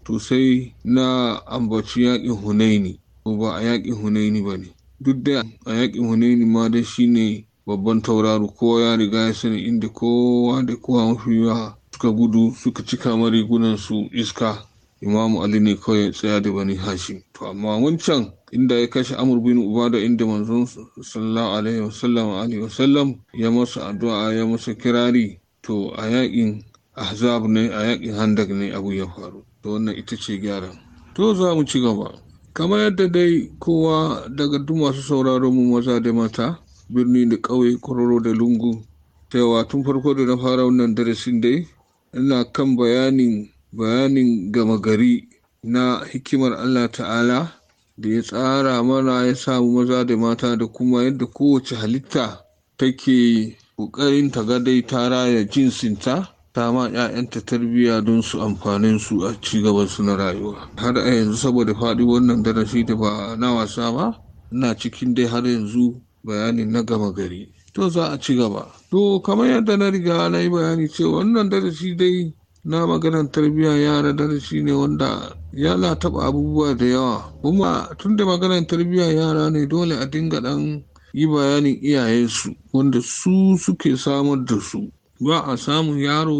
to sai na ambaci yaƙin hunaini ko ba a yaƙin hunaini ba ne duk da a yakin hunaini ma dai shine babban tauraro kowa ya riga ya sani inda kowa da kowa mafi yawa suka gudu suka cika marigunan su iska imamu ali ne kawai tsaya da bani hashim to amma wancan inda ya kashe amur bin ubada inda manzon sallallahu alaihi wasallam alaihi wasallam ya masa addu'a ya masa kirari to a yakin ahzab ne a yakin handak ne abu ya faru to wannan ita ce gyara to za mu ci gaba kamar yadda dai kowa daga duk masu sauraro mu maza da mata birni da ƙauye kwararo da lungu cewa tun farko da na fara wannan darasin dai ina kan bayanin bayanin gama gari na hikimar allah ta'ala da ya tsara mana ya samu maza da mata da kuma yadda kowace halitta take ƙoƙarin ta ga dai ta raya jinsinta ta ma 'ya'yanta tarbiyya don su amfanin su a cigaban su na rayuwa har a yanzu saboda faɗi wannan darasi da ba na wasa ba ina cikin dai har yanzu bayanin na gama gari to za a ci gaba to kamar yadda na riga na yi bayani ce wannan darasi dai na maganar tarbiyyar yara darasi ne wanda yana taɓa abubuwa da yawa kuma tun da maganar tarbiyya yara ne dole a dinga ɗan yi bayanin iyayensu wanda su suke samar da su ba a samun yaro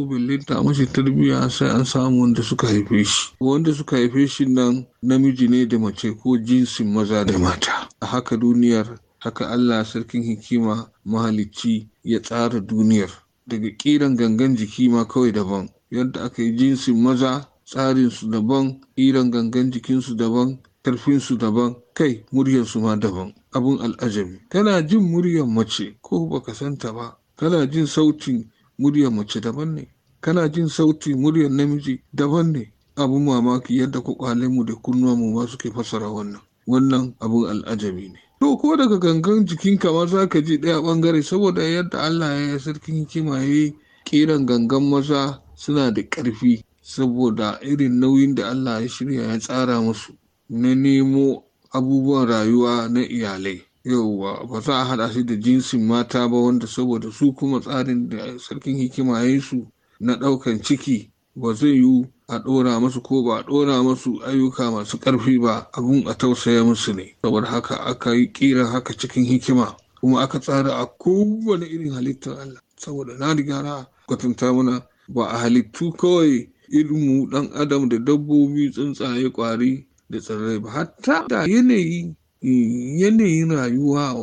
ta mashi tarbiyya sai an samu wanda suka haife shi wanda suka haife shi nan namiji ne da mace ko jinsin maza da mata a haka duniyar haka allah sarkin hikima mahalicci ya tsara duniyar daga kiran gangan jiki ma kawai daban yadda aka yi jinsin maza tsarinsu daban kiran gangan jikinsu daban karfinsu daban kai muryarsu ma daban Abin al'ajabi kana jin muryar mace ko baka santa ba kana jin sautin muryar mace daban ne kana jin sauti muryar namiji daban ne abun mamaki yadda kwakwalenmu da kunnuwanmu ma suke fasara wannan wannan abin al'ajabi ne to ko daga gangan jikinka ma za ka ji ɗaya ɓangare saboda yadda allah ya yi sarkin hikima ya yi gangan maza suna da ƙarfi saboda irin nauyin da allah ya shirya ya tsara musu na nemo abubuwan rayuwa na iyalai yauwa ba za a haɗa shi da jinsin mata ba wanda saboda su kuma tsarin da sarkin hikima ya yi su na ɗaukan ciki ba zai yiwu a ɗora masu ko ba a ɗora masu ayyuka masu ƙarfi ba abun a tausaya musu ne saboda haka aka yi ƙira haka cikin hikima kuma aka tsara a kowane irin halittar Allah saboda na riga na kwatanta mana ba a halittu kawai irin mu ɗan adam da dabbobi tsuntsaye ƙwari da tsirrai ba hatta da yanayi yanayin rayuwa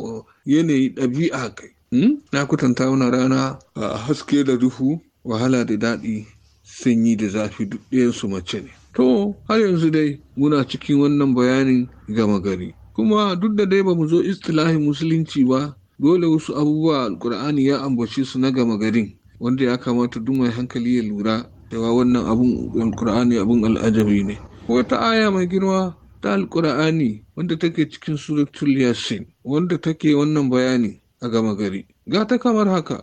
yanayi ɗabi'a kai hmm? na kwatanta wani rana a haske da duhu wahala da daɗi sanyi da zafi duk ɗayansu mace ne to har yanzu dai muna cikin wannan bayanin gama gari kuma duk da dai ba mu zo istilahin musulunci ba dole wasu abubuwa alkur'ani ya ambaci su na gama garin wanda ya kamata duk mai hankali ya lura cewa wannan abun alkur'ani abun al'ajabi ne wata aya mai girma ta alkur'ani wanda take cikin suratul yasin wanda take wannan bayani a gama gari ga ta kamar haka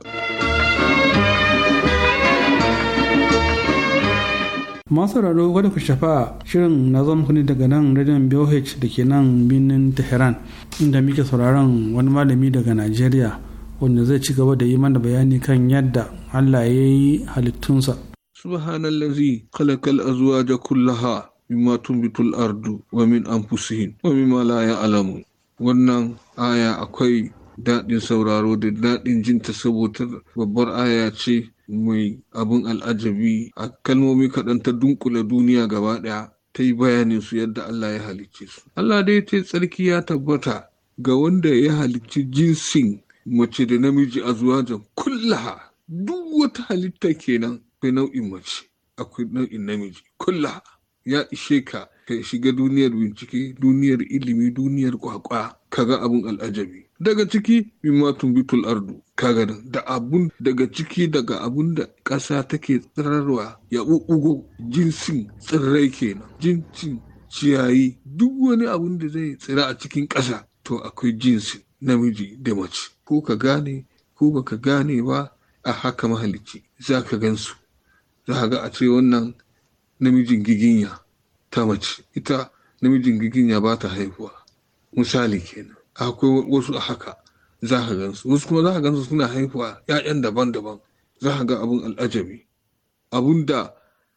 masu raro wadda ku shafa shirin na zama ne daga nan radion boh da ke nan birnin tehran inda muke sauraron wani malami daga najeriya wanda zai ci gaba da yi mana bayani kan yadda allah ya yi halittunsa subhanallazi khalaqal azwaja kullaha mimma tumbitul ardu wa min anfusihim wa mimma la ya'lamun wannan aya akwai daɗin sauraro da daɗin jinta saboda babbar aya ce mai abin al'ajabi a kalmomi kaɗan ta dunkula duniya gaba ɗaya ta yi bayanin su yadda Allah ya halicce su. Allah dai ta tsarki ya tabbata ga wanda ya halicci jinsin mace da namiji a zuwa jan kullaha duk wata halitta kenan akwai nau'in mace akwai nau'in namiji kullaha ya ishe ka ka shiga duniyar bincike duniyar ilimi duniyar kwakwa kaga abun al'ajabi daga ciki mimma tumbitul ardu kaga da abun daga ciki daga abun da ƙasa take tsirarwa ya ugo jinsin tsirrai kenan jinsin ciyayi duk wani abun da zai tsira a cikin ƙasa to akwai jinsin namiji da mace ko ka gane ko baka gane ba a haka mahalicci za ka gansu za ka ga a ce wannan namijin giginya ta mace ita namijin giginya ba ta haihuwa misali kenan akwai wasu a haka za ka gansu wasu kuma za ka gansu suna haihuwa 'ya'yan daban-daban za ka ga abin al'ajabi abun da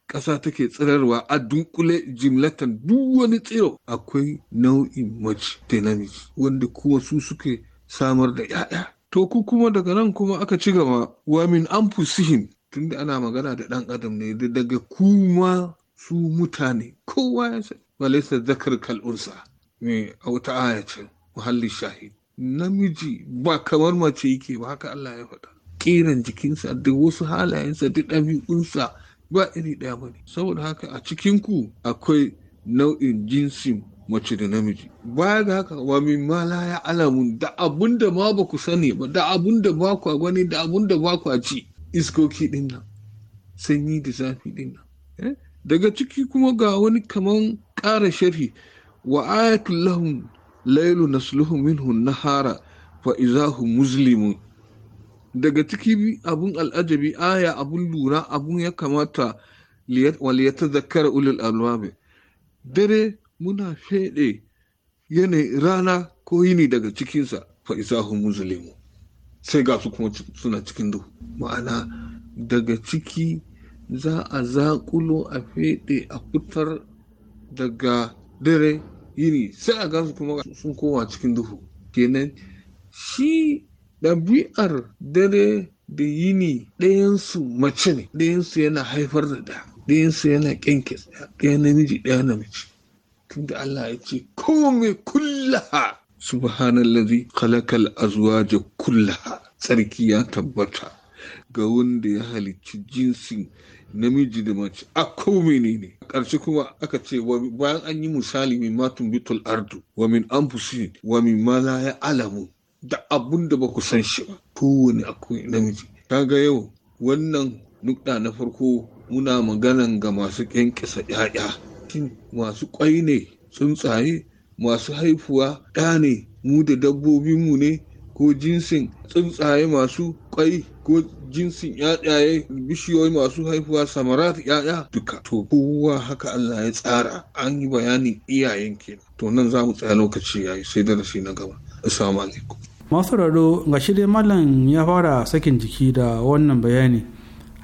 ƙasa take tsirarwa a dunkule jimlatan duk wani tsiro akwai nau'in mace da namiji wanda kuma su suke samar da 'ya'ya to ku kuma daga nan kuma aka ci gaba wa min anfusihim tunda ana magana da ɗan adam ne daga kuma su mutane kowa ya sani walaisa zakar kal'unsa mai a wata ayacin muhalli shahid namiji ba kamar mace yake ba haka Allah ya faɗa ƙeran jikinsa da wasu halayensa da ɗabi'unsa ba iri ɗaya ba ne saboda haka a cikinku akwai nau'in jinsin mace da namiji baya ga haka wa min ma la ya alamun da abun da ma ba ku sani ba da abun da ba ku gani da abun da ba ku ci iskoki din nan sanyi da zafi din nan eh? daga ciki kuma ga wani kaman ƙara sharhi wa ayatul lahum lailu nasluhu minhu nahara fa izahu daga ciki abun al'ajabi aya abun lura abun ya kamata waliyata zakar ulul albab dare muna fede yanayi rana ko yini daga cikinsa fa izahu sai ga su kuma suna cikin duhu ma'ana daga ciki za a zaƙulo a feɗe a fitar daga dare yini sai a gasu kuma sun koma cikin duhu kenan shi ɗabi'ar dare da yini ɗayansu mace ne ɗayansu yana haifar da ɗaya ɗayansu yana ƙyanke ɗaya namiji ɗaya namiji tunda Allah ya ce kome kullaha subhanallazi khalaqal azwaja kullaha tsarki ya tabbata ga wanda ya halicci jinsin namiji da mace a mene ne ƙarshe kuma aka ce bayan an yi misali min matun bitul ardu wa min anfusin wa min ma la ya alamu da abun da baku san shi ba kowane akwai namiji kaga yau wannan nukta na farko muna maganan ga masu kyankyasa ƴaƴa. shin masu kwai ne tsuntsaye masu haifuwa ɗa ne mu da dabbobinmu ne ko jinsin tsuntsaye masu kwai ko jinsin yaɗaye bishiyoyi masu haifuwa samarat yaya duka to kowa haka Allah ya tsara an yi bayanin iyayen ke? to nan za mu tsaya lokaci yi, sai darasi na gaba assalamu alaikum masu raro ga shi malam ya fara sakin jiki da wannan bayani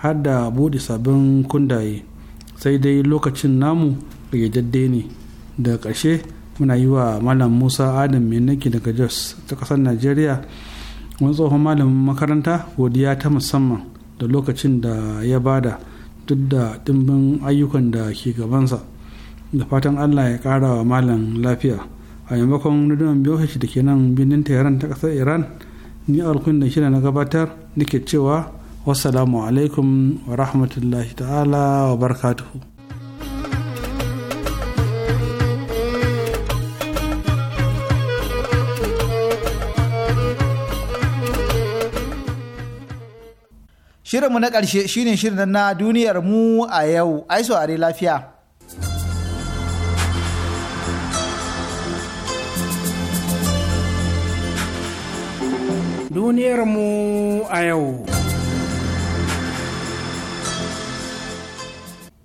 har da buɗe sabbin kundaye sai dai lokacin namu ya ne da ƙarshe muna yi wa malam musa adam menaki daga jos ta kasar najeriya wani tsohon malamin makaranta godiya ta musamman da lokacin da ya bada duk da dimbin ayyukan da ke gabansa da fatan allah ya kara wa malam lafiya a maimakon rediyon biyoshi da ke nan birnin tehran ta kasar iran ni alkun da shida na gabatar nake cewa wassalamu alaikum wa rahmatullahi ta'ala wa barkatuhu Shirinmu na ƙarshe shine shirin na duniyar mu a yau, ai are lafiya. Duniyar mu a yau.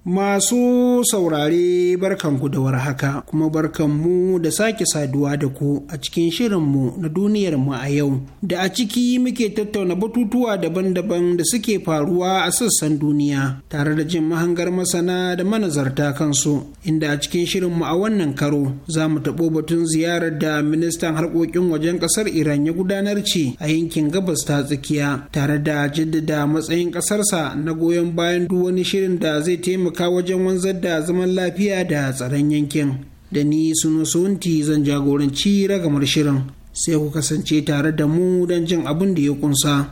Masu saurare barkanku da warhaka kuma barkanmu da sake saduwa da ku a cikin shirinmu na duniyarmu a yau da a ciki muke tattauna batutuwa daban-daban da suke faruwa a sassan duniya tare da jin mahangar masana da manazarta kansu inda a cikin shirinmu a wannan karo za mu taɓo batun ziyarar da ministan harkokin wajen ƙasar Iran ya gudanar ce a yankin gabas ta tsakiya tare da jaddada matsayin ƙasarsa na goyon bayan duk wani shirin da zai taimaka taimaka wajen wanzar da zaman lafiya da tsaron yankin da ni suno sonti zan jagoranci ragamar shirin sai ku kasance tare da mu don jin abin da ya kunsa.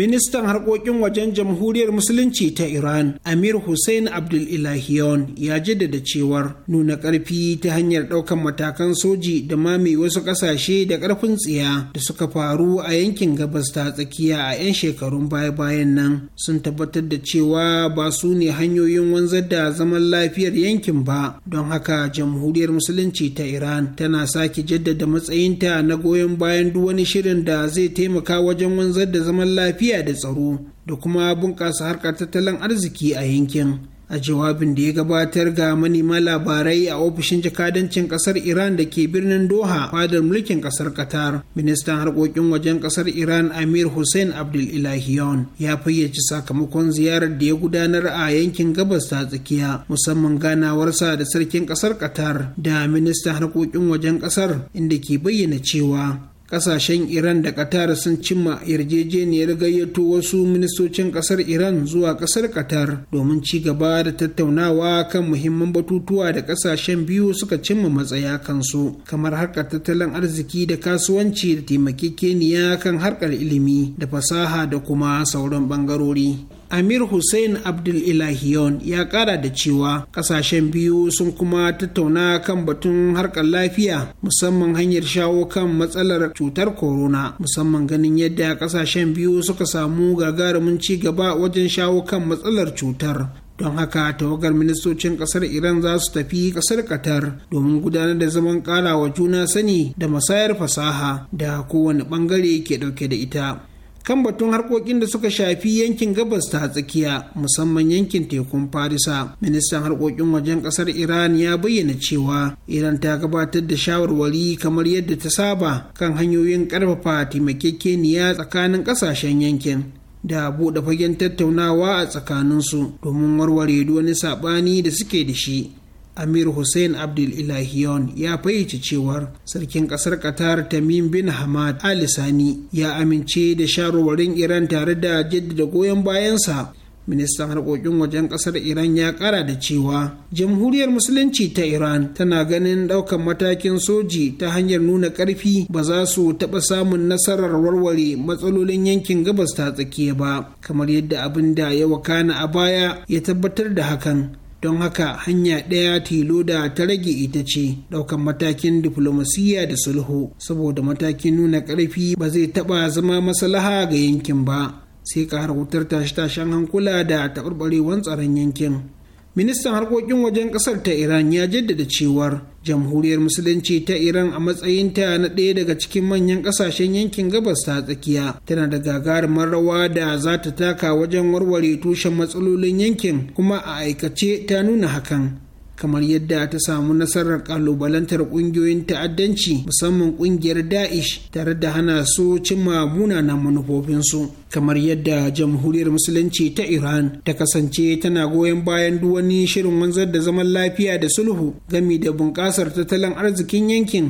ministan harkokin wajen jamhuriyar musulunci ta iran amir hussein abdul ilahiyon ya jaddada cewar nuna ƙarfi ta hanyar ɗaukan matakan soji da mame wasu ƙasashe da ƙarfin tsiya da suka faru a yankin gabas ta tsakiya a 'yan shekarun baya-bayan nan sun tabbatar da cewa ba su ne hanyoyin wanzar da zaman lafiyar yankin ba don haka jamhuriyar musulunci ta iran tana sake jaddada matsayinta na goyon bayan duk wani shirin da zai taimaka wajen wanzar da zaman lafiya lafiya da tsaro da kuma bunƙasa harkar tattalin arziki a yankin a jawabin da ya gabatar ga manema labarai a ofishin jakadancin kasar iran da ke birnin doha fadar mulkin kasar qatar ministan harkokin wajen kasar iran amir hussein abdul ilahiyon ya fayyace sakamakon ziyarar da ya gudanar a yankin gabas ta tsakiya musamman ganawarsa da sarkin kasar qatar da ministan harkokin wajen kasar inda ke bayyana cewa kasashen iran da qatar sun cimma yarjejeniyar gayyato wasu ministocin kasar iran zuwa kasar qatar domin ci gaba da tattaunawa kan muhimman batutuwa da kasashen biyu suka cimma matsaya kansu kamar harkar tattalin arziki da kasuwanci da taimakekeniya kan harkar ilimi da fasaha da kuma sauran bangarori amir hussein abdul ilahiyon ya kara da cewa kasashen biyu sun kuma tattauna kan batun harkar lafiya musamman hanyar shawo kan matsalar cutar corona musamman ganin yadda kasashen biyu suka samu gagarumin ci gaba wajen shawo kan matsalar cutar don haka tawagar ministocin kasar iran za su tafi kasar qatar domin gudanar da zaman kara wa juna sani da masayar fasaha da kowane bangare ke dauke da ita kan batun harkokin da suka shafi yankin gabas ta tsakiya musamman yankin tekun farisa ministan harkokin wajen kasar iran ya bayyana cewa iran ta gabatar da shawarwari kamar yadda ta saba kan hanyoyin karfafa taimakekeniya tsakanin kasashen yankin da buɗe fagen tattaunawa a tsakaninsu domin warware wani saɓani da suke da shi amir hussein abdul ilahiyon ya fayyace cewar sarkin kasar qatar tamim bin hamad al sani ya amince da shawarwarin iran tare da jaddada goyon bayansa ministan harkokin wajen kasar iran ya kara da cewa jamhuriyar musulunci ta iran tana ganin daukan matakin soji ta hanyar nuna karfi ba za su taɓa samun nasarar warware matsalolin yankin gabas ta tsakiya ba kamar yadda abin da ya wakana a baya ya tabbatar da hakan don haka hanya ɗaya tilo da ta rage ita ce ɗaukan matakin diflomasiyya da sulhu saboda matakin nuna ƙarfi ba zai taɓa zama maslaha ga yankin ba sai ka wutar tashe-tashen hankula da taɓarɓarewar tsaron yankin ministan harkokin wajen kasar ta iran ya jaddada cewar jamhuriyar musulunci ta iran a matsayinta na ɗaya daga cikin manyan ƙasashen yankin gabas ta tsakiya tana da gagarumar rawa da za ta taka wajen warware tushen matsalolin yankin kuma a aikace ta nuna hakan kamar yadda ta samu nasarar kalubalantar kungiyoyin ta'addanci musamman kungiyar da'ish tare da hana su cimma munanan manufofinsu kamar yadda jamhuriyar musulunci ta iran ta kasance tana goyon bayan duwani. shirin wanzar da zaman lafiya da sulhu gami da bunƙasar tattalin arzikin yankin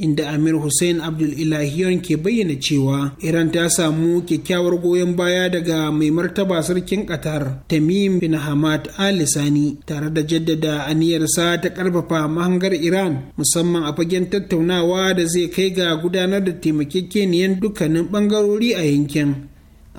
inda amir hussein abdul ilahiyon ke bayyana cewa iran ta samu kyakkyawar goyon baya daga mai martaba sarkin qatar tamim bin hamad alisani tare da jaddada aniyarsa ta karfafa mahangar iran musamman a fagen tattaunawa da zai kai ga gudanar da taimakekeniyan dukkanin bangarori a yankin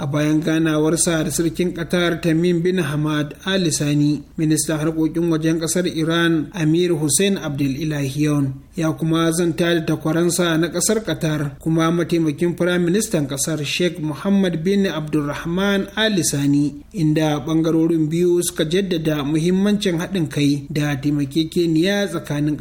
a bayan ganawarsa da sarkin qatar tamim bin hamad alisani sani ministan harkokin wajen kasar iran amir hussein abdul ilahiyon ya kuma zanta da takwaransa na kasar qatar kuma mataimakin firaministan kasar sheikh muhammad bin abdulrahman alisani inda bangarorin biyu suka jaddada muhimmancin haɗin kai da taimakekeniya tsakanin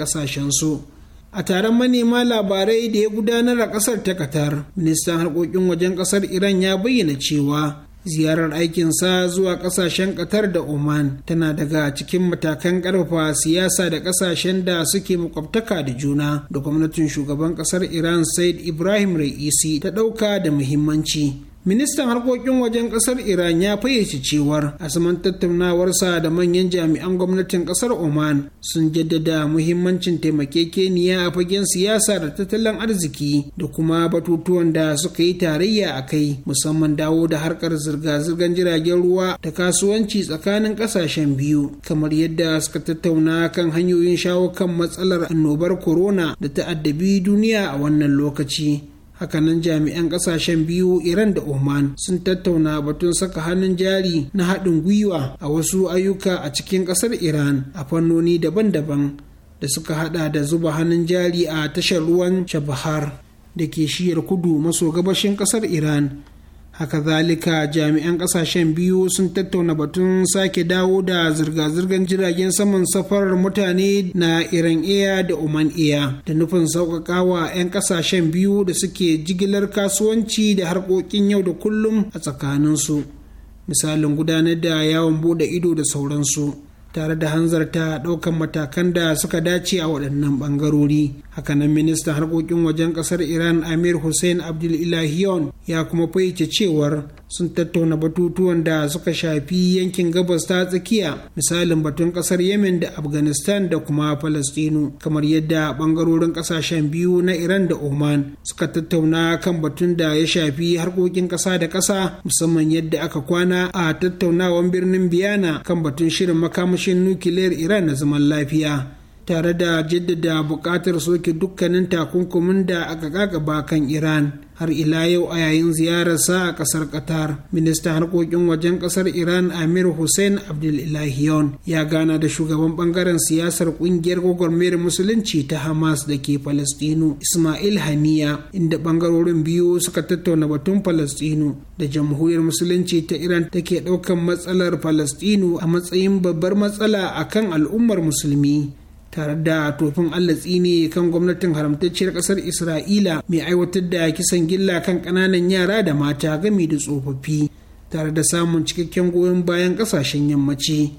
su. a taron manema labarai da ya gudanar a kasar ta Qatar. Ministan harkokin wajen kasar Iran ya bayyana cewa ziyarar aikinsa zuwa kasashen Qatar da Oman tana daga cikin matakan ƙarfafa siyasa da kasashen da suke makwabtaka da juna da gwamnatin shugaban kasar Iran Said Ibrahim Raisi ta ɗauka da muhimmanci. ministan harkokin wajen kasar iran ya fayyace cewar saman tattaunawarsa da manyan jami'an gwamnatin kasar oman sun jaddada muhimmancin taimakekeniya a fagen siyasa da tattalin arziki da kuma batutuwan da suka yi tarayya a kai musamman dawo da harkar zirga-zirgar jiragen ruwa da kasuwanci tsakanin kasashen biyu kamar yadda suka tattauna kan hanyoyin shawo kan matsalar annobar corona da ta'addabi duniya a wannan lokaci hakanan jami'an kasashen biyu iran da oman sun tattauna batun saka hannun jari na haɗin gwiwa a wasu ayyuka a cikin ƙasar iran a fannoni daban-daban da suka hada da zuba hannun jari a tashar ruwan shabahar da ke shiyar kudu maso gabashin ƙasar iran haka zalika jami'an kasashen biyu sun tattauna batun sake dawo da zirga-zirgar jiragen saman safarar mutane na iran iya da oman iya da nufin sauƙaƙawa 'yan kasashen biyu da suke jigilar kasuwanci da harkokin yau da kullum a tsakaninsu misalin gudanar da yawon bude ido da sauransu tare da hanzarta ɗaukan matakan da suka dace a waɗannan ɓangarori. Hakanan ministan harkokin wajen ƙasar Iran Amir Hussein Abdul Ilahiyon ya kuma fahimci cewar sun tattauna batutuwan da suka shafi yankin gabas ta tsakiya misalin batun ƙasar Yemen da Afghanistan da kuma Falastinu kamar yadda ɓangarorin ƙasashen biyu na Iran da Oman suka tattauna kan batun da ya shafi harkokin ƙasa da ƙasa musamman yadda aka kwana a tattaunawan birnin Biyana kan batun shirin makamashi. makamashin nukiliyar iran na zaman lafiya tare da jaddada bukatar soke dukkanin takunkumin da aka gagaba kan iran har ila yau a yayin ziyararsa a kasar qatar ministan harkokin wajen kasar iran amir hussein abdulilahiyon ya gana da shugaban bangaren siyasar kungiyar gwagwarmayar musulunci ta hamas da ke palestino ismail haniya inda bangarorin biyu suka tattauna batun palestino da jamhuriyar musulunci ta iran take daukan matsalar palestino a matsayin babbar matsala akan al'ummar musulmi tare da tofin Allah tsini kan gwamnatin haramtacciyar kasar Isra'ila mai aiwatar da kisan gilla kan kananan yara da mata gami da tsofaffi tare da samun cikakken goyon bayan kasashen yammaci.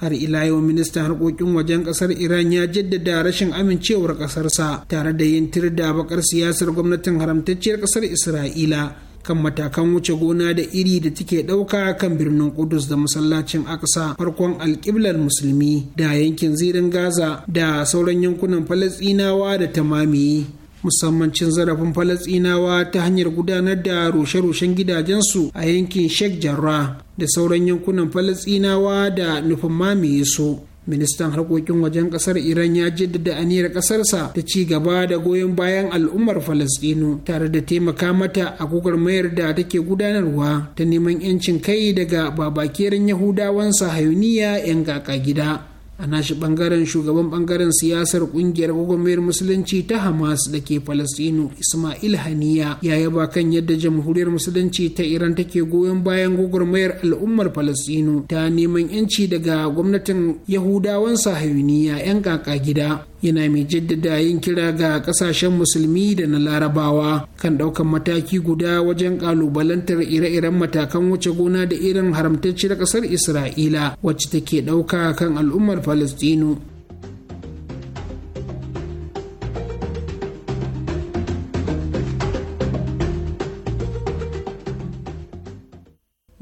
Har ila yau ministan harkokin wajen kasar Iran ya jaddada rashin amincewar kasarsa. tare da yin tir da bakar siyasar gwamnatin haramtacciyar kasar Isra'ila. kan matakan wuce gona da iri da take ɗauka kan birnin Kudus da masallacin Aksa farkon alƙiblar musulmi da yankin zirin Gaza da sauran yankunan Falasɗinawa da tamami. musamman cin zarafin falasinawa ta hanyar gudanar da rushe-rushen gidajensu a yankin sheikh jarrah da sauran yankunan falasinawa da nufin mamaye su ministan harkokin wajen kasar iran ya jaddada aniyar kasarsa ta ci gaba da goyon bayan al'ummar falastinu tare da taimaka mata a mayar da take gudanarwa ta neman 'yancin kai daga babakerin yahudawan sahayuniya 'yan kaka gida a nashi bangaren shugaban bangaren siyasar kungiyar gwagwarmayar musulunci ta hamas da ke Falastinu ismail haniya ya yaba kan yadda jamhuriyar musulunci ta iran take goyon bayan gwagwarmayar al'ummar Falastinu, ta neman yanci daga gwamnatin yahudawan sahayuniya 'yan kaka gida yana mai jaddada yin kira ga kasashen musulmi da na larabawa kan ɗaukan mataki guda wajen ƙalubalantar ire-iren matakan wuce gona da irin haramtacciyar ƙasar isra'ila wacce take ɗauka kan al'ummar falastinu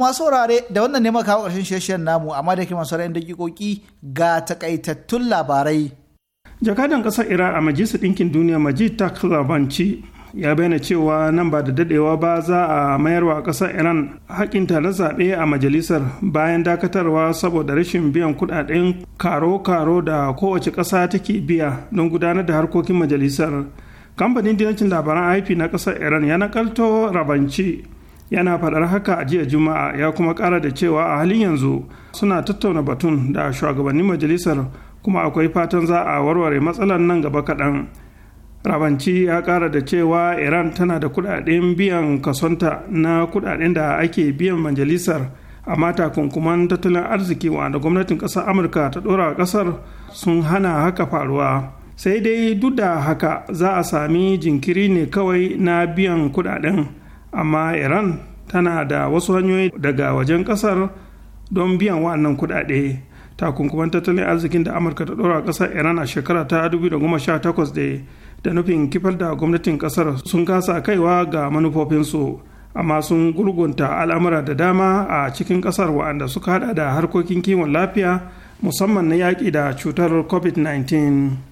ma saurare da wannan ne kawo ƙarshen shirye namu amma da kiman sauran dakikoki ga takaitattun labarai. Jakadan ƙasar Iran a majalisar ɗinkin duniya Majid Taklabanci ya bayyana cewa nan ba da dadewa ba za a mayarwa ƙasar Iran ta na zaɓe a majalisar bayan dakatarwa saboda rashin biyan kuɗaɗen karo-karo da kowace ƙasa take biya don gudanar da harkokin majalisar. Kamfanin dinancin labaran IP na ƙasar Iran ya nakalto rabanci yana faɗar haka a jiya juma'a ya kuma ƙara da cewa a halin yanzu suna tattauna batun da shugabannin majalisar kuma akwai fatan za a warware matsalar nan gaba kaɗan rabanci ya ƙara da cewa iran tana da kuɗaɗen biyan kasonta na kuɗaɗen da ake biyan majalisar amma takunkuman tattalin arziki wanda gwamnatin ƙasar amurka ta ɗora ƙasar sun hana haka faruwa sai dai duk da haka za a sami jinkiri ne kawai na biyan kuɗaɗen. amma iran tana da wasu hanyoyi daga wajen kasar don biyan wa'annan kuɗaɗe takunkuman tattalin arzikin da amurka ta dora kasar iran a shekara ta 2018 da da nufin kifar da gwamnatin kasar sun kasa kaiwa ga manufofinsu amma sun gurgunta al'amura da dama a cikin kasar wa'anda suka hada da harkokin kiwon lafiya musamman na yaƙi da cutar covid-19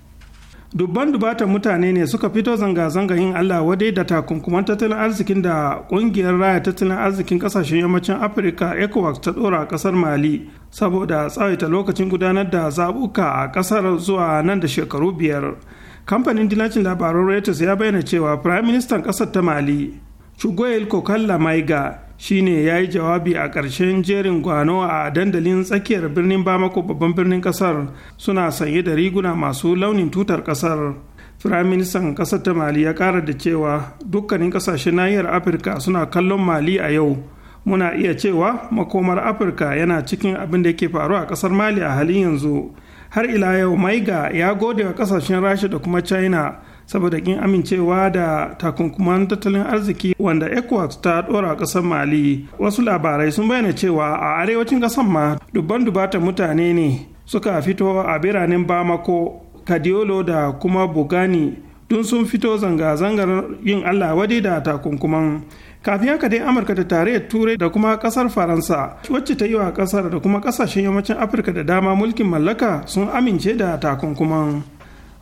dubban dubatan mutane ne suka fito zanga-zanga yin Allah wadai da takunkuman tattalin arzikin da kungiyar raya tattalin arzikin kasashen yammacin Afirka ECOWAS ta dora a kasar Mali saboda tsawaita lokacin gudanar da zabuka a kasar zuwa nan da shekaru biyar. Kamfanin dinacin labarun Reuters ya bayyana cewa Firayim Ministan kasar ta Mali, Shugoyel Kokalla Maiga shine ya yi jawabi a ƙarshen jerin gwano a dandalin tsakiyar birnin bamako babban birnin ƙasar suna sanye da riguna masu launin tutar ƙasar firaministan ƙasar ta mali ya ƙara da cewa dukkanin ƙasashen nahiyar afirka suna kallon mali a yau muna iya cewa makomar afirka yana cikin abin da ke faru a ƙasar mali a halin yanzu har ila yau maiga ya gode wa ƙasashen rasha da kuma china saboda kin amincewa da takunkuman tattalin arziki wanda ecowas ta dora kasar mali wasu labarai sun bayyana cewa a arewacin kasar ma dubban dubatan mutane ne suka fito a biranen bamako kadiolo da kuma bugani tun sun fito zanga-zangar yin allah wadi da takunkuman kafin haka dai amurka da tarayyar turai da kuma kasar faransa wacce ta yi wa kasar da kuma kasashen yammacin afirka da dama mulkin mallaka sun amince da takunkuman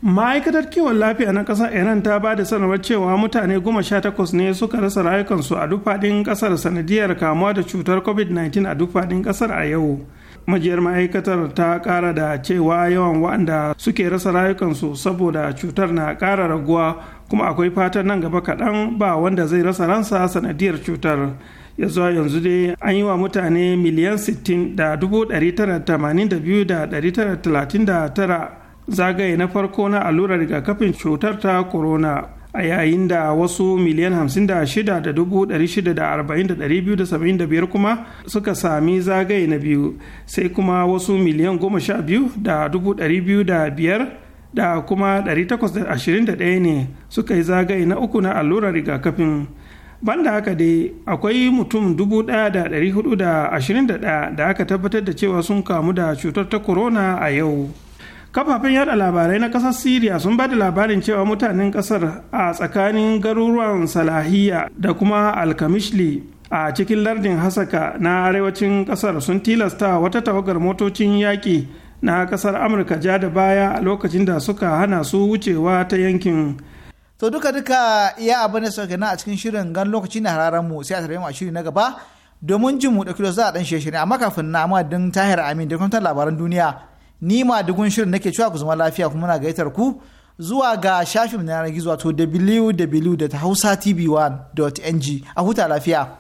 ma'aikatar kiwon lafiya na ƙasar iran ta ba da sanarwar cewa mutane goma sha takwas ne suka rasa rayukansu a duk faɗin ƙasar sanadiyar kamuwa da cutar covid-19 a duk faɗin ƙasar a yau majiyar ma'aikatar ta ƙara da cewa yawan waɗanda suke rasa rayukansu saboda cutar na ƙara raguwa kuma akwai fatan nan gaba kaɗan ba wanda zai rasa ransa sanadiyar cutar ya zuwa yanzu dai an yi wa mutane miliyan 60 da 982 da 939 zagaye na farko na allurar rigakafin cutar ta corona a yayin da wasu miliyan 56,640,275 kuma suka sami zagaye na biyu sai kuma wasu miliyan 12,205 da kuma 821 ne suka yi zagaye na uku na allurar rigakafin banda haka dai akwai mutum 1,421 da aka tabbatar da cewa sun kamu da cutar ta corona a yau. kafafen yada labarai na kasar syria sun ba da labarin cewa mutanen kasar a tsakanin garuruwan salahiya da kuma alkamishli a cikin lardin hasaka na arewacin kasar sun tilasta wata tawagar motocin yaƙi na kasar amurka ja da baya a lokacin da suka hana su wucewa ta yankin to duka duka iya abin da suka na a cikin shirin gan lokaci na hararen mu sai a tarbe mu a shiri na gaba domin jin mu dauki da za a dan shirye amma kafin na amma din tahir amin da kwantar labaran duniya ni ma dugun shirin nake cewa ku zama lafiya kuma na gaitar ku zuwa ga shafin na yanar gizo wato www.hausatv1.ng a huta lafiya.